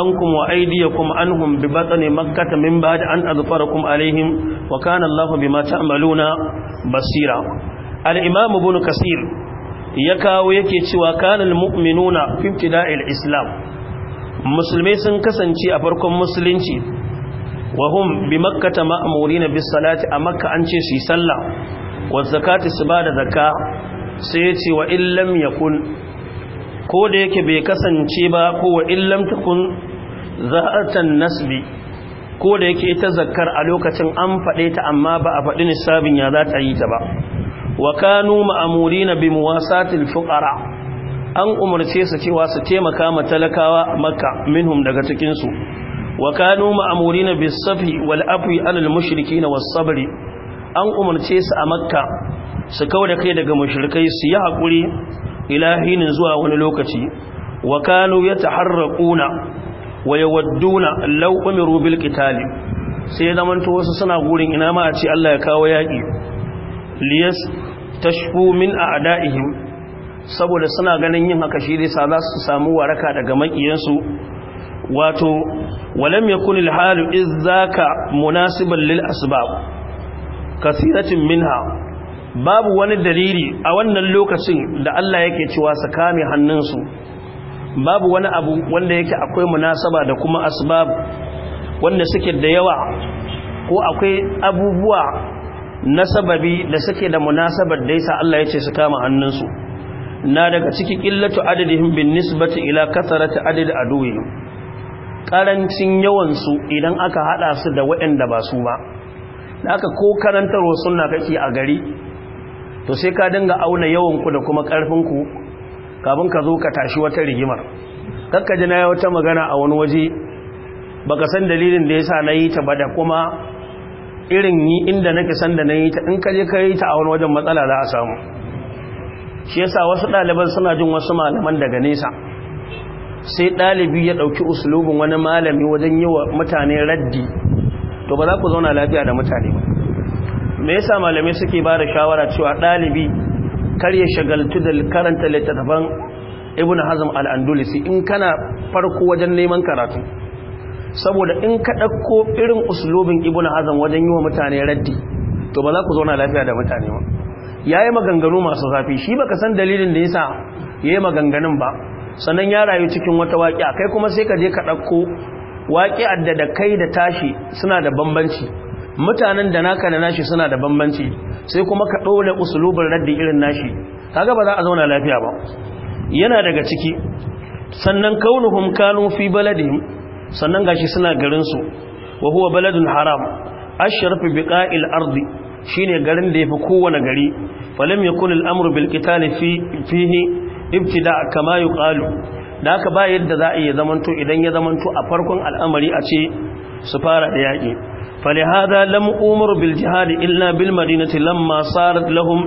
ankum wa aydiyakum anhum bi batni makkah min ba'd an azfarakum alaihim wa kana allahu bima ta'maluna basira al imam ibn kasir ya kawo yake cewa kana al mu'minuna fi ibtida'il islam musulmai sun kasance a farkon musulunci wa hum bi makkata ma'murina bis salati a makka an ce su yi sallah wa zakati su zakka sai ya wa illam yakun ko da yake bai kasance ba ko wa illam takun za'atan nasbi ko da yake ita zakkar a lokacin an faɗe ta amma ba a faɗi nisabin ya za ta yi ta ba wa kanu ma'murina bi muwasatil fuqara an umarce su cewa su taimaka ma talakawa makka minhum daga cikinsu wa kanu ma'amurina bis safi wal afi alal mushrikin was sabr an umarce su a makka su kauda kai daga mushrikai su yi hakuri ilahinin zuwa wani lokaci wa kanu yataharraquna wa yawadduna law umiru bil qital sai zamanto wasu suna gurin ina ma a ce Allah ya kawo yaki liyas tashku min a'daihim saboda suna ganin yin haka shi ne sa za su samu waraka daga makiyansu wato walam yakun alhal iz zaka munasiban lil asbab Kasiratin minha babu wani dalili a wannan lokacin da Allah yake cewa su kame hannunsu babu wani abu wanda yake akwai munasaba da kuma asbab wanda suke da yawa ko akwai abubuwa na sababi da suke da munasabar da yasa Allah ya ce su kama hannunsu na daga ciki illatu adadihim bin nisbati ila kasarati adadi aduwihim ƙarancin yawansu idan aka haɗa su da waɗanda ba su ba da aka ko karantarwa suna kake a gari to sai ka dinga auna yawanku da kuma ƙarfinku kafin ka zo ka tashi wata rigimar kakka ji na yi wata magana a wani waje ba ka san dalilin da ya sa na yi ta ba da kuma irin yi inda nake san da na yi ta in ka je ka yi ta a wani wajen matsala za a samu shi yasa wasu ɗaliban suna jin wasu malaman daga nesa sai ɗalibi ya ɗauki uslubin wani malami wajen yi wa mutane raddi to ba za ku zauna lafiya da mutane ba me yasa malamai suke ba da shawara cewa ɗalibi kar ya shagaltu da karanta littattafan ibn hazm al-andalusi in kana farko wajen neman karatu saboda in ka ɗauko irin uslubin ibn hazm wajen yi wa mutane raddi to ba za ku zauna lafiya da mutane ba yayi maganganu masu zafi shi baka san dalilin da yasa yayi maganganun ba sannan ya rayu cikin wata a kai kuma sai ka je ka ɗauko waƙi da da kai da tashi suna da bambanci mutanen da naka da nashi suna da bambanci sai kuma ka ɗole usulubin raddi irin nashi kaga ba za a zauna lafiya ba yana daga ciki sannan kaunuhum kanu fi baladihim sannan gashi suna garinsu wa huwa baladun haram ashrafu biƙa'il ardi shine garin da yafi kowane gari falam yakun amru bil ne fi fihi ibtida kama yuqalu da haka ba yadda za a iya zamanto idan ya zamanto a farkon al'amari a ce su fara da yaƙi falihada lam umar bil jihad illa bil madinati lamma sarat lahum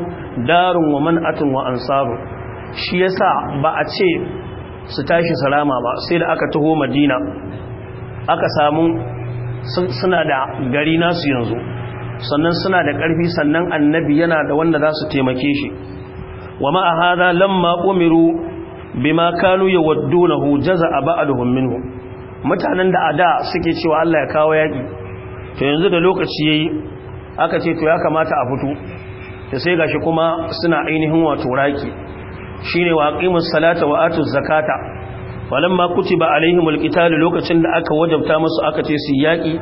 darun wa man'atun wa ansaru shi yasa ba a ce su tashi salama ba sai da aka taho madina aka samu suna da gari nasu yanzu sannan suna da ƙarfi sannan annabi yana da wanda za su taimake shi wa ma hadha lamma umiru bima kanu yawaddunahu a ba'dhum minhu mutanen da ada suke cewa Allah ya kawo yaki to yanzu da lokaci yayi aka ce to ya kamata a fito da sai gashi kuma suna ainihin wato raki shine wa aqimus salata wa atuz zakata walamma kutiba alaihimul qital lokacin da aka wajabta musu aka ce su yaki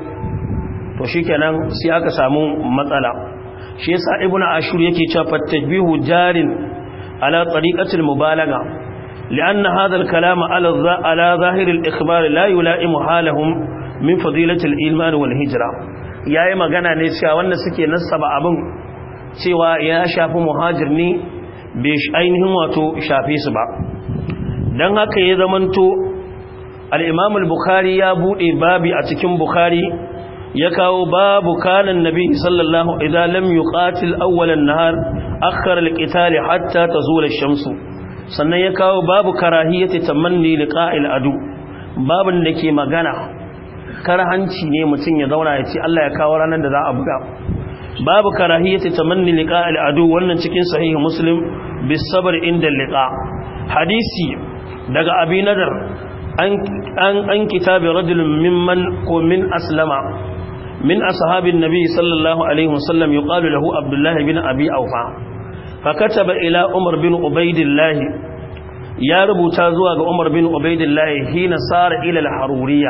to shikenan sai aka samu matsala shi yasa ibnu ashur yake cewa fatajbihu jarin ala tariqatil mubalaga لأن هذا الكلام على ظاهر الإخبار لا يلائم حالهم من فضيلة الإيمان والهجرة يا إما غنى نسيا وأن سكي نسب أبن سوى يا شاف مهاجر ني بيش أينهم واتو شافي سبع دان هكا يزمنتو الإمام البخاري يا بودي بابي أتكم بخاري ya kawo babu kanan nabi sallallahu idan lam yuqatil awwalan nahar akhara alqital hatta tazula ash-shamsu sannan ya kawo babu karahiyati tamanni liqa'il adu babin da ke magana karhanci ne mutum ya zauna ya ce Allah ya kawo ranar da za a buga babu karahiyati tamanni liqa'il adu wannan cikin sahih muslim bis sabr inda liqa hadisi daga abi an an kitabi rajulun mimman ko min aslama من أصحاب النبي صلى الله عليه وسلم يقال له عبد الله بن أبي أوفا فكتب إلى عمر بن عبيد الله يا رب تازوا عمر بن عبيد الله حين صار إلى الحرورية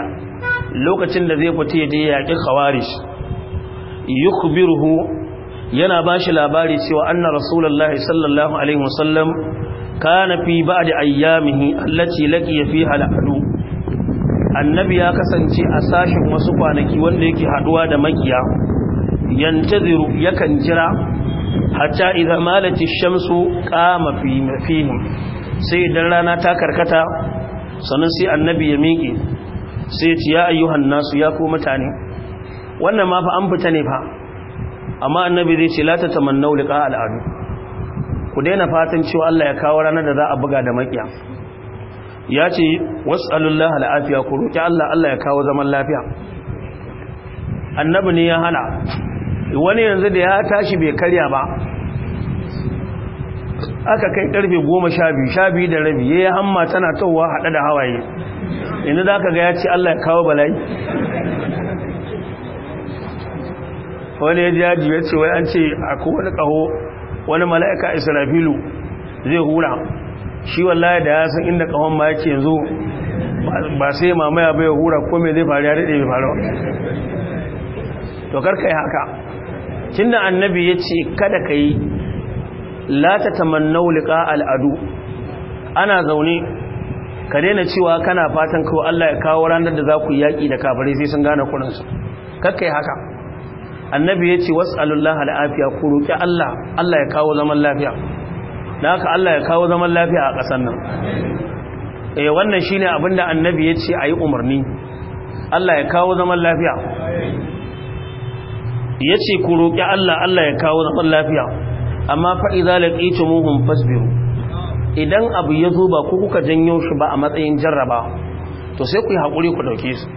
لوكتين الذي فتي دي يقي خوارج يخبره ينا باشي لاباري سوى أن رسول الله صلى الله عليه وسلم كان في بعد أيامه التي لقي فيها العدو annabi ya kasance a sashin wasu kwanaki wanda yake haduwa da makiya yantaziru yakan jira hatta idza malati shamsu qama fi mafihi sai idan rana ta karkata sannan sai annabi ya miƙe sai ya ce ya ayyuhan nasu ya ku mutane wannan ma fa an fita ne fa amma annabi zai ce la tatamannau liqa al'adu ku daina fatan cewa Allah ya kawo ranar da za a buga da makiya ya ce wasallallahu al'afiya ku roƙi Allah Allah ya kawo zaman lafiya annabi ne ya hana wani yanzu da ya tashi bai karya ba aka kai karfe sha 12 da rabi yayin hamma tana tawwa hada da hawaye inda zaka ga ya ce Allah ya kawo bala'i wani ya jaji ya ce wai an ce akwai wani kaho wani mala'ika israfilu zai hura shi wallahi da ya san inda kawon ma yake yanzu ba sai mamaya bai hura ko mai zai faru ya daɗe bai faru to ka yi haka tunda annabi ya ce kada ka yi la tamannau liƙa al'adu ana zaune ka daina cewa kana fatan kawo Allah ya kawo ranar da za ku yaƙi da kafare sai sun gane kuransu yi haka annabi ya ce wasu alullah al'afiya ku roƙi Allah Allah ya kawo zaman lafiya da haka Allah ya kawo zaman lafiya a ƙasar nan eh wannan shine abin da annabi ya ce ayi umarni Allah ya kawo zaman lafiya ya ce ku roƙi Allah Allah ya kawo zaman lafiya amma fa'iza laqitumuhum fasbiru idan abu ya zo ba ku kuka janyo shi ba a matsayin jarraba to sai ku yi haƙuri ku ɗauke su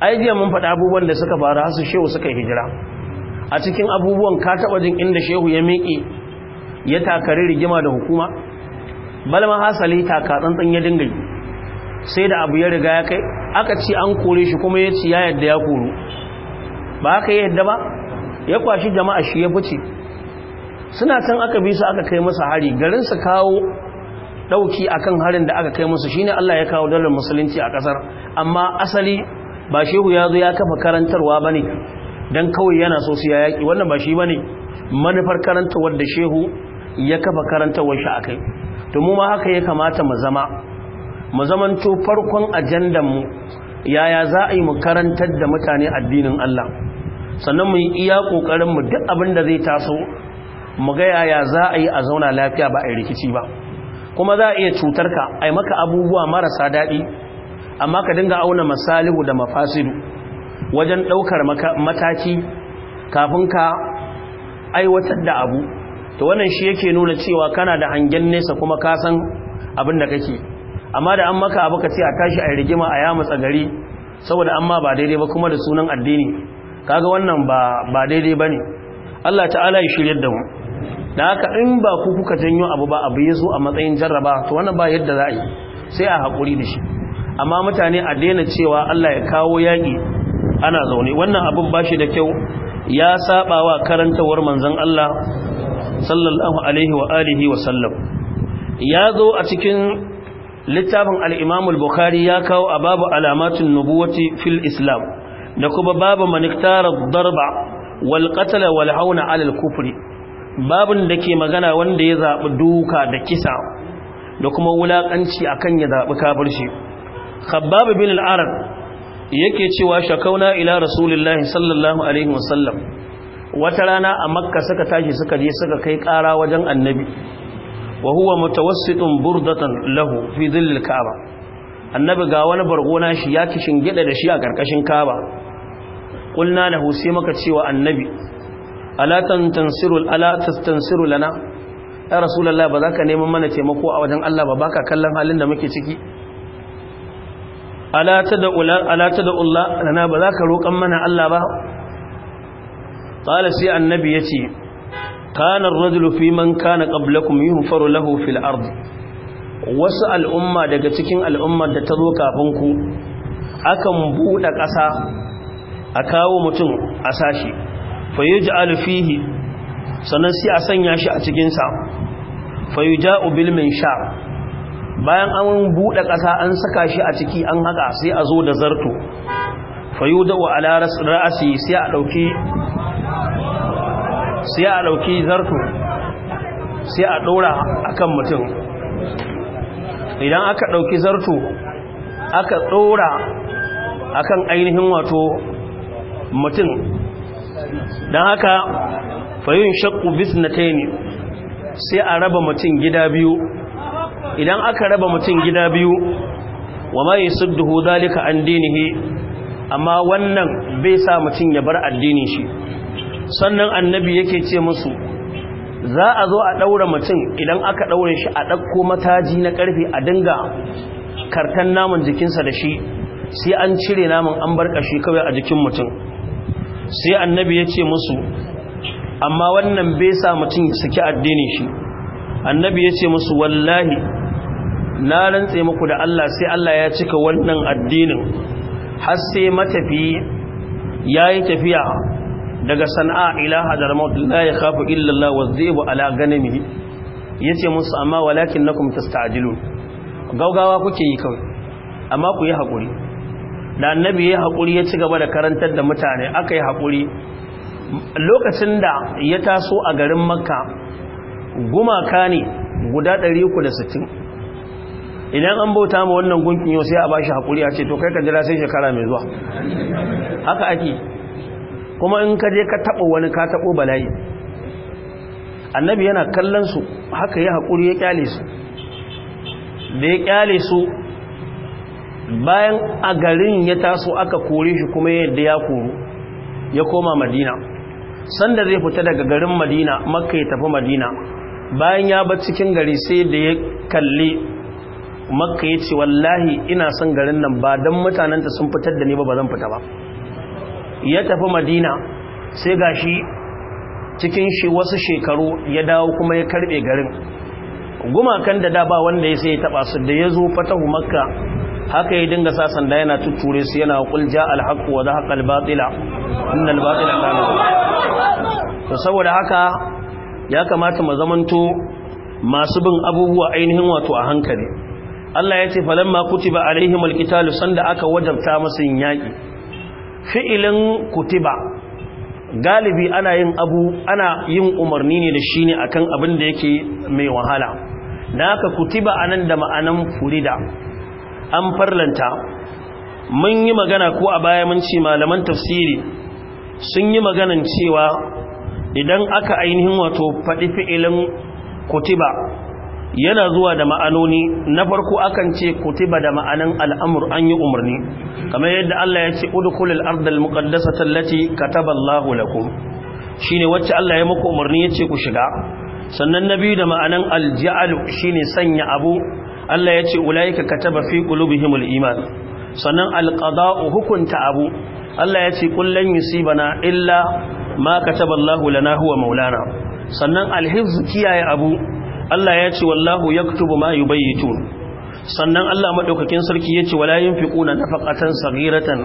ai jiya mun faɗa abubuwan da suka faru har su shehu suka hijira a cikin abubuwan ka taɓa jin inda shehu ya miƙe ya takari rigima da hukuma balma hasali taka tsantsan ya dinga sai da abu ya riga ya kai aka ci an kore shi kuma ya ci ya yadda ya koro. ba aka yi yadda ba ya kwashi jama'a shi ya fice suna can aka bi su aka kai masa hari garin su kawo dauki akan harin da aka kai musu shine Allah ya kawo dalar musulunci a kasar amma asali ba shehu ya zo ya kafa karantarwa bane dan kawai yana so su ya yaki wannan ba shi bane manufar karantawar da shehu ya kafa karantar shi kai to mu ma haka ya kamata mu zama mu zamanto farkon ajandan mu yaya za a yi mu karantar da mutane addinin Allah sannan mu yi iya kokarin mu duk abin da zai taso mu ga yaya za a yi a zauna lafiya ba a yi rikici ba kuma za a iya cutar ka ai maka abubuwa marasa daɗi amma ka dinga auna masalihu da mafasidu wajen ɗaukar mataki kafin ka aiwatar da abu to wannan shi yake nuna cewa kana da hangen nesa kuma ka san abin da kake amma da an maka abu ka ce a tashi a rigima a yamu tsagari saboda amma ba daidai ba kuma da sunan addini kaga wannan ba ba daidai bane Allah ta'ala ya shiryar da mu da haka in ba ku kuka janyo abu ba abu yazo a matsayin jarraba to wannan ba yadda za a yi sai a hakuri da shi amma mutane a daina cewa Allah ya kawo yaki ana zaune wannan abin bashi da kyau ya saba wa karantawar manzon Allah sallallahu alaihi wa alihi wa sallam ya zo a cikin littafin alimamul bukhari ya kawo a babu alamatun nubuwati fil Islam da kuma babu Maniktarar darba wal qatl wal hauna kufri babun da ke magana wanda ya zaɓi duka da kisa da kuma a kan ya zabi kafirci Khabbab bin al yake cewa shakauna ila Rasulullahi sallallahu alaihi wa wata rana a makka suka tashi suka je suka kai ƙara wajen annabi wa huwa mutawassitun burdatan lahu fi dhillil ka'aba annabi ga wani bargona shi ya kishin gida da shi a karkashin ka'aba qulna lahu sai muka cewa annabi ala tantansiru ala tastansiru lana ya rasulullahi ba za ka neman mana taimako a wajen Allah ba baka kallon halin da muke ciki ala tad'u ala tad'u lana ba za ka roƙan mana Allah ba qala sai annabi yace kana ar-rajulu fi man kana qablakum yughfaru lahu fil ard wasu al'umma daga cikin al'ummar da ta zo kafin ku akan buɗe ƙasa a kawo mutum a sashi fayuj'alu fihi sannan sai a sanya shi a cikin sa fayuja'u bil sha. bayan an buɗe ƙasa an saka shi a ciki an haka sai a zo da zarto fayuda'u ala ra'asi sai a ɗauki sai a ɗauki zarto sai a ɗora a kan mutum idan aka ɗauki zarto aka ɗora a kan ainihin wato mutum don haka fayin shakku ne sai a raba mutum gida biyu idan aka raba mutum gida biyu wa ma sudduhu zalika an dinihi amma wannan bai sa mutum ya bar addinin shi sannan annabi yake ce musu za a zo a ɗaura mutum idan aka ɗaure shi a ɗakko mataji na ƙarfe a dinga karkan naman jikinsa da shi sai an cire naman an bar ƙashi kawai a jikin mutum sai annabi ya ce musu amma wannan bai sa mutum suke addini shi annabi ya ce musu wallahi na rantse muku da Allah sai Allah ya cika wannan addinin har sai matafi ya yi tafiya daga sana'a ila hadramaut la ya kafa illallah, wa dhibu ala Ya ce musu amma walakin na kuma tasta ajilu gaugawa kuke yi kawai amma ku yi hakuri da annabi ya hakuri ya ci gaba da karantar da mutane aka yi hakuri lokacin da ya taso a garin makka gumaka ne guda 360 idan an bauta ma wannan gunkin yau sai a bashi hakuri a ce to kai ka jira sai shekara mai zuwa haka ake kuma in ka je ka taɓa wani ka taɓo balayi annabi yana kallon su haka ya haƙuri ya ƙyale su da ya ƙyale su bayan a garin ya taso aka kore shi kuma yadda ya koru ya koma madina sanda zai fita daga garin madina makka ya tafi madina bayan ya ba cikin gari sai da ya kalli makka ya ce wallahi ina son garin nan ba don mutanenta sun fitar da ni ba ba zan fita ba ya tafi madina sai gashi cikin shi wasu shekaru ya dawo kuma ya karbe garin gumakan da da ba wanda ya sai ya taba su da ya zo fatahu makka haka ya dinga sa sanda yana tutture su yana kul ja al wa zahaqa al batila inna al batila kana to saboda haka ya kamata mu zamanto masu bin abubuwa ainihin wato a hankali Allah ya ce falamma kutiba alaihim alqitalu sanda aka wajabta musu yaki fi'ilin kutiba galibi ana yin abu ana yin umarni ne da shi ne akan abin da yake mai wahala da haka kutiba nan da ma'anan furida an farlanta mun yi magana ko a baya mun ce malaman tafsiri sun yi maganan cewa idan aka ainihin wato faɗi fi'ilin kutiba yana zuwa da ma'anoni na farko akan ce kutiba da ma'anan al'amur an yi umarni kamar yadda Allah ya ce udkhulul ardal muqaddasata allati kataballahu lakum shine wacce Allah ya muku umarni yace ku shiga sannan nabi da ma'anan alja'alu shine sanya abu Allah ya ce ulaika kataba fi qulubihimul iman sannan alqada'u hukunta abu Allah ya ce kullan yusibana illa ma kataballahu lana huwa maulana sannan alhifz kiyaye abu Allah ya ce wallahu yaktubu ma tun, sannan Allah madaukakin sarki yace wala yunfiquna nafaqatan saghiratan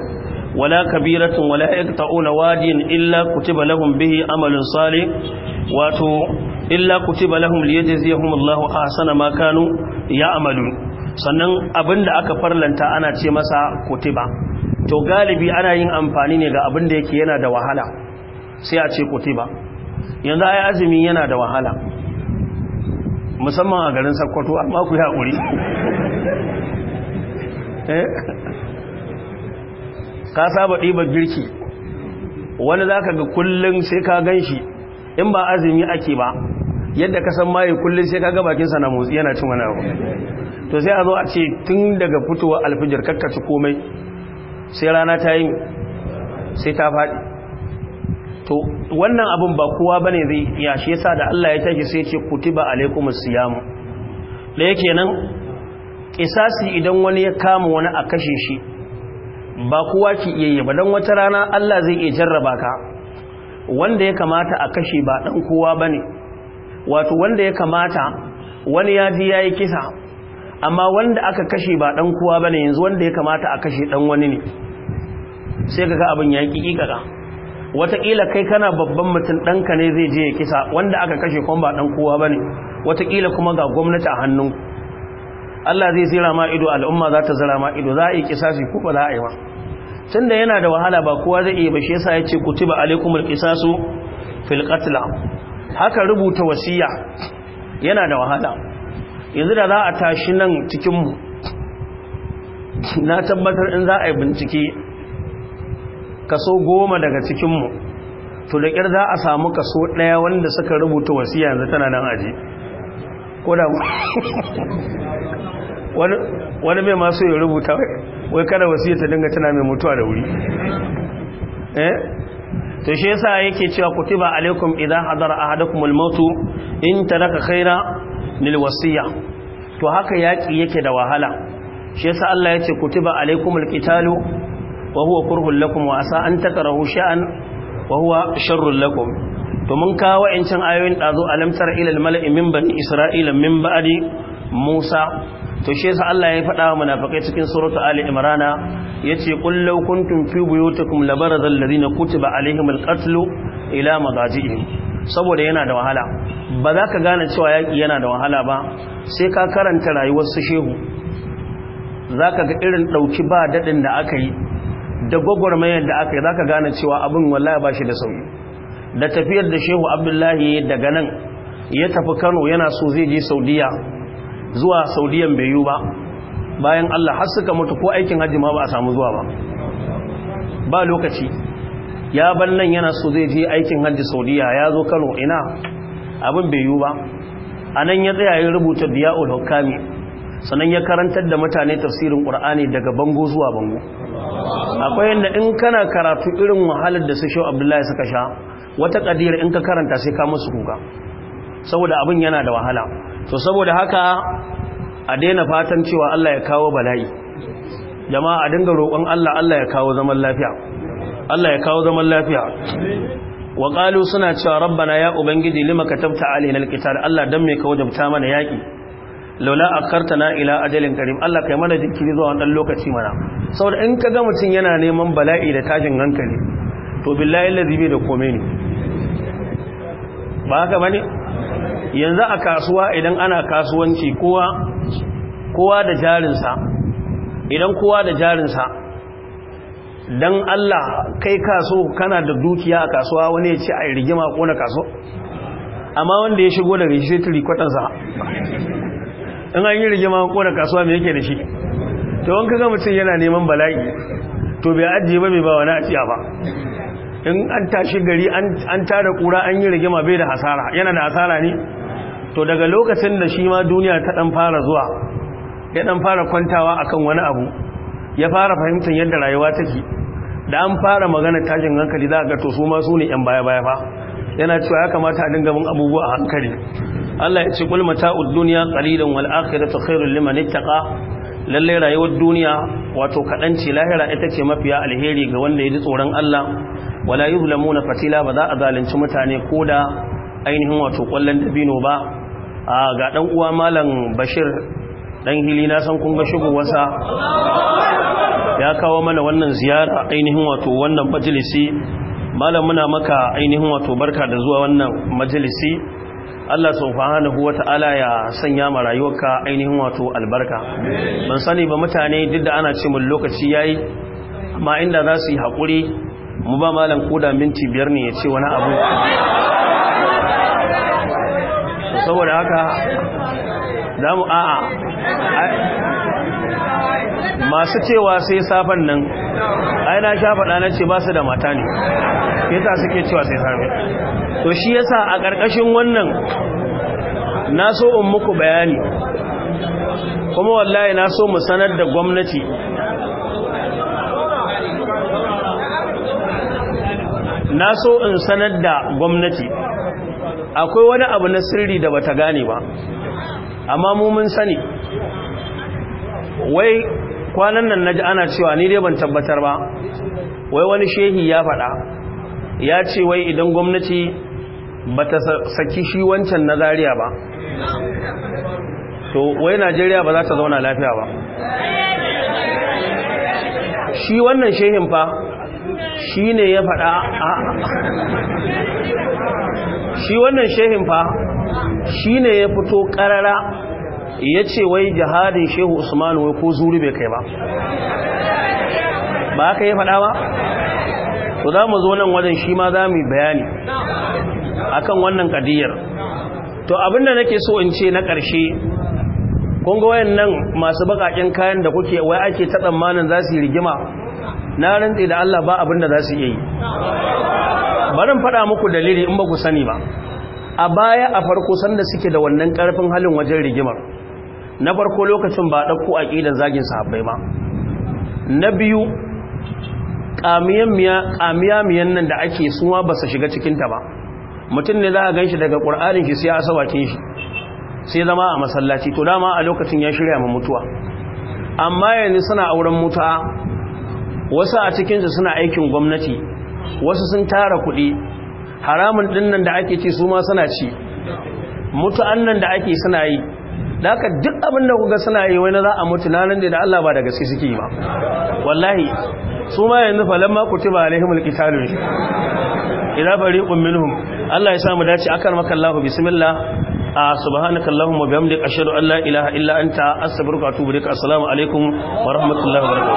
wala kabiratan wala yaqta'una wajen illa kutiba lahum bihi amalun salih wato illa kutiba lahum liyajziyahum Allahu ahsana ma kanu ya'malun sannan abinda aka farlanta ana ce masa kutiba to galibi ana yin amfani ne ga abin da yake yana da wahala sai a ce kutiba yanzu ai azumi yana da wahala musamman a garin sakkwato amma ku yi haƙuri eh? ka saba ɗiba girki wani za ka ga kullum sai ka gan shi in ba azumi ake ba yadda ka san maye kullum sai ka ga bakinsa na motsi yana cin wani abu to sai a zo a ce tun daga fitowa alfijir kakkaci komai sai rana ta yi sai ta faɗi to wannan abin ba kowa bane zai ya shi yasa da Allah ya tashi sai ya ce kutiba alaikumus siyam da yake nan kisasi idan wani ya kama wani a kashe shi ba kowa ki iya ba dan wata rana Allah zai iya jarraba ka wanda ya kamata a kashe ba dan kowa bane wato wanda ya kamata wani ya ji yayi kisa amma wanda aka kashe ba dan kowa bane yanzu wanda ya kamata a kashe dan wani ne sai kaga abin ya ƙiƙiƙa watakila kai kana babban mutum ɗanka ne zai je ya kisa wanda aka kashe kuma ba ɗan kowa ba ne watakila kuma ga gwamnati a hannun Allah zai zira ma ido al'umma za ta zira ma ido za a yi kisasi ko ba za a yi ma tun yana da wahala ba kowa zai iya bashi yasa ya ce ci alaikumul kisasu fil qatla haka rubuta wasiya yana da wahala yanzu da za a tashi nan cikin mu na tabbatar in za a yi bincike kaso goma daga cikinmu to da ƙyar za a samu kaso ɗaya wanda suka rubuta wasu yanzu tana nan aji ko wani mai masu yi rubuta wai kada wasiya ta dinga tana mai mutuwa da wuri eh to shi yasa yake cewa kutiba alaikum idan hadara ahadakum almautu in taraka khaira lil wasiya to haka yaki yake da wahala shi yasa Allah ya ce kutiba alaikum alqitalu Wahuwa kurhun kurhul lakum wa asa an sha'an wa sharrun lakum to mun kawo wa'ancan ayoyin dazo alamtar ilal mala'i min bani isra'ila min ba'di musa to shi yasa Allah ya faɗa wa munafikai cikin suratu ali imran yace qul law kuntum fi buyutikum labaraza alladhina kutiba alaihimul qatl ila madajihim saboda yana da wahala ba za ka gane cewa yaki yana da wahala ba sai ka karanta rayuwar su shehu za ka ga irin ɗauki ba daɗin da aka yi da gwagwarmayar da aka yi za gane cewa abin wallahi ba shi da sauyi da tafiyar da shehu abdullahi daga nan ya tafi kano yana so zai je saudiya zuwa saudiyan bai yi ba bayan allah har suka mutu ko aikin hajji ma ba a samu zuwa ba ba lokaci ya ban nan yana so zai je aikin hajji saudiya ya zo kano ina abin bai yi ba a nan ya tsaya ya rubuta ul hukami sannan ya karantar da mutane tafsirin ƙur'ani daga bango zuwa bango akwai yadda in kana karatu irin wahalar da su shi abdullahi suka sha wata ƙadira in ka karanta sai ka musu kuka saboda abin yana da wahala to saboda haka a daina fatan cewa Allah ya kawo bala'i jama'a a dinga roƙon Allah Allah ya kawo zaman lafiya Allah ya kawo zaman lafiya wa ƙalu suna cewa rabbana ya ubangiji lima tabta alaina alqital Allah dan mai ka wajabta mana yaƙi laula na ila ajalin karim Allah kai mana jinkiri zuwa dan lokaci mana saboda in kaga mutun yana neman bala'i da tajin hankali to billahi allazi bai da komai ne ba haka bane yanzu a kasuwa idan ana kasuwanci kowa da jarinsa idan kowa da jarinsa dan Allah kai kaso kana da dukiya a kasuwa wani ya ce a rigima ko na kaso amma wanda ya shigo daga shi sai turi kwatansa in an yi rigima ko da kasuwa me yake da shi to in kaga mutum yana neman bala'i to bai ajiye ba mai ba wani ajiya ba in an tashi gari an tara kura an yi rigima bai da hasara yana da hasara ne to daga lokacin da shi ma duniya ta dan fara zuwa ya dan fara kwantawa akan wani abu ya fara fahimtar yadda rayuwa take da an fara magana tashin hankali za a ga to su ma su ne yan baya baya fa yana cewa ya kamata a dinga bin abubuwa a hankali Allah ya ce kul mata'ud dunya qalilan wal akhiratu khairul liman ittaqa lalle rayuwar duniya wato kadan ce lahira ita ce mafiya alheri ga wanda ya ji tsoron Allah wala yuzlamuna fatila ba za a zalunci mutane koda ainihin wato kwallon dabino ba ga dan uwa malam Bashir dan hili na san kun ga shigowarsa ya kawo mana wannan ziyara ainihin wato wannan majalisi malam muna maka ainihin wato barka da zuwa wannan majalisi Allah subhanahu ta'ala ya sanya ma rayuwarka ainihin wato albarka ban sani ba mutane duk da ana ce mun lokaci yayi amma inda za su yi hakuri mu ba malam koda minti biyar ne ya ce wani abu saboda haka za mu a'a masu cewa sai safan nan ai na sha faɗa na ce ba su da mata ne yasa suke cewa sai safe to shi yasa a ƙarƙashin wannan na so in muku bayani kuma wallahi na so mu sanar da gwamnati na so in sanar da gwamnati akwai wani abu na sirri da bata gane ba amma mu mun sani wai kwanan nan naji ana cewa ni dai ban tabbatar ba wai wani shehi ya faɗa ya ce wai idan gwamnati ba ta saki shi wancan na zariya ba to wai najeriya ba za ta zauna lafiya ba shi wannan shehin fa shi ne ya faɗa shi wannan shehin fa shi ne ya fito ƙarara ya ce wai jihadin shehu usmanu wai ko zuri bai kai ba ba ka yi faɗa ba to za mu zo nan wajen shi ma za mu bayani akan wannan kadiyar to abinda nake so in ce na ƙarshe kun ga nan masu baƙaƙen kayan da kuke wai ake ta tsammanin za su yi rigima na rantsi da Allah ba abinda za su yi barin faɗa muku dalili in ba ku sani ba a baya a farko sanda suke da wannan ƙarfin halin wajen rigimar na farko lokacin ba ɗauko aƙidar zagin sahabbai ba na biyu ƙamiyamiyan nan da ake suma ba su shiga cikinta ba mutum ne za a gan shi daga ƙur'anin shi sai a asawakin shi sai zama a masallaci to dama a lokacin ya shirya ma mutuwa amma yanzu suna auren mutuwa wasu a cikinsu suna aikin gwamnati wasu sun tara kuɗi haramun ɗinnan da ake ci su ma suna ci mutu'an nan da ake suna yi da haka duk abin da kuka suna yi wani za a mutu nan da Allah ba da gaske suke yi ba wallahi su ma yanzu falan ma kutiba alaihimul qitalu idan bari umminu Allah ya sa mu dace akan makallahu bismillah سبحانك اللهم وبحمدك اشهد ان لا اله الا انت استغفرك واتوب اليك السلام عليكم ورحمه wa وبركاته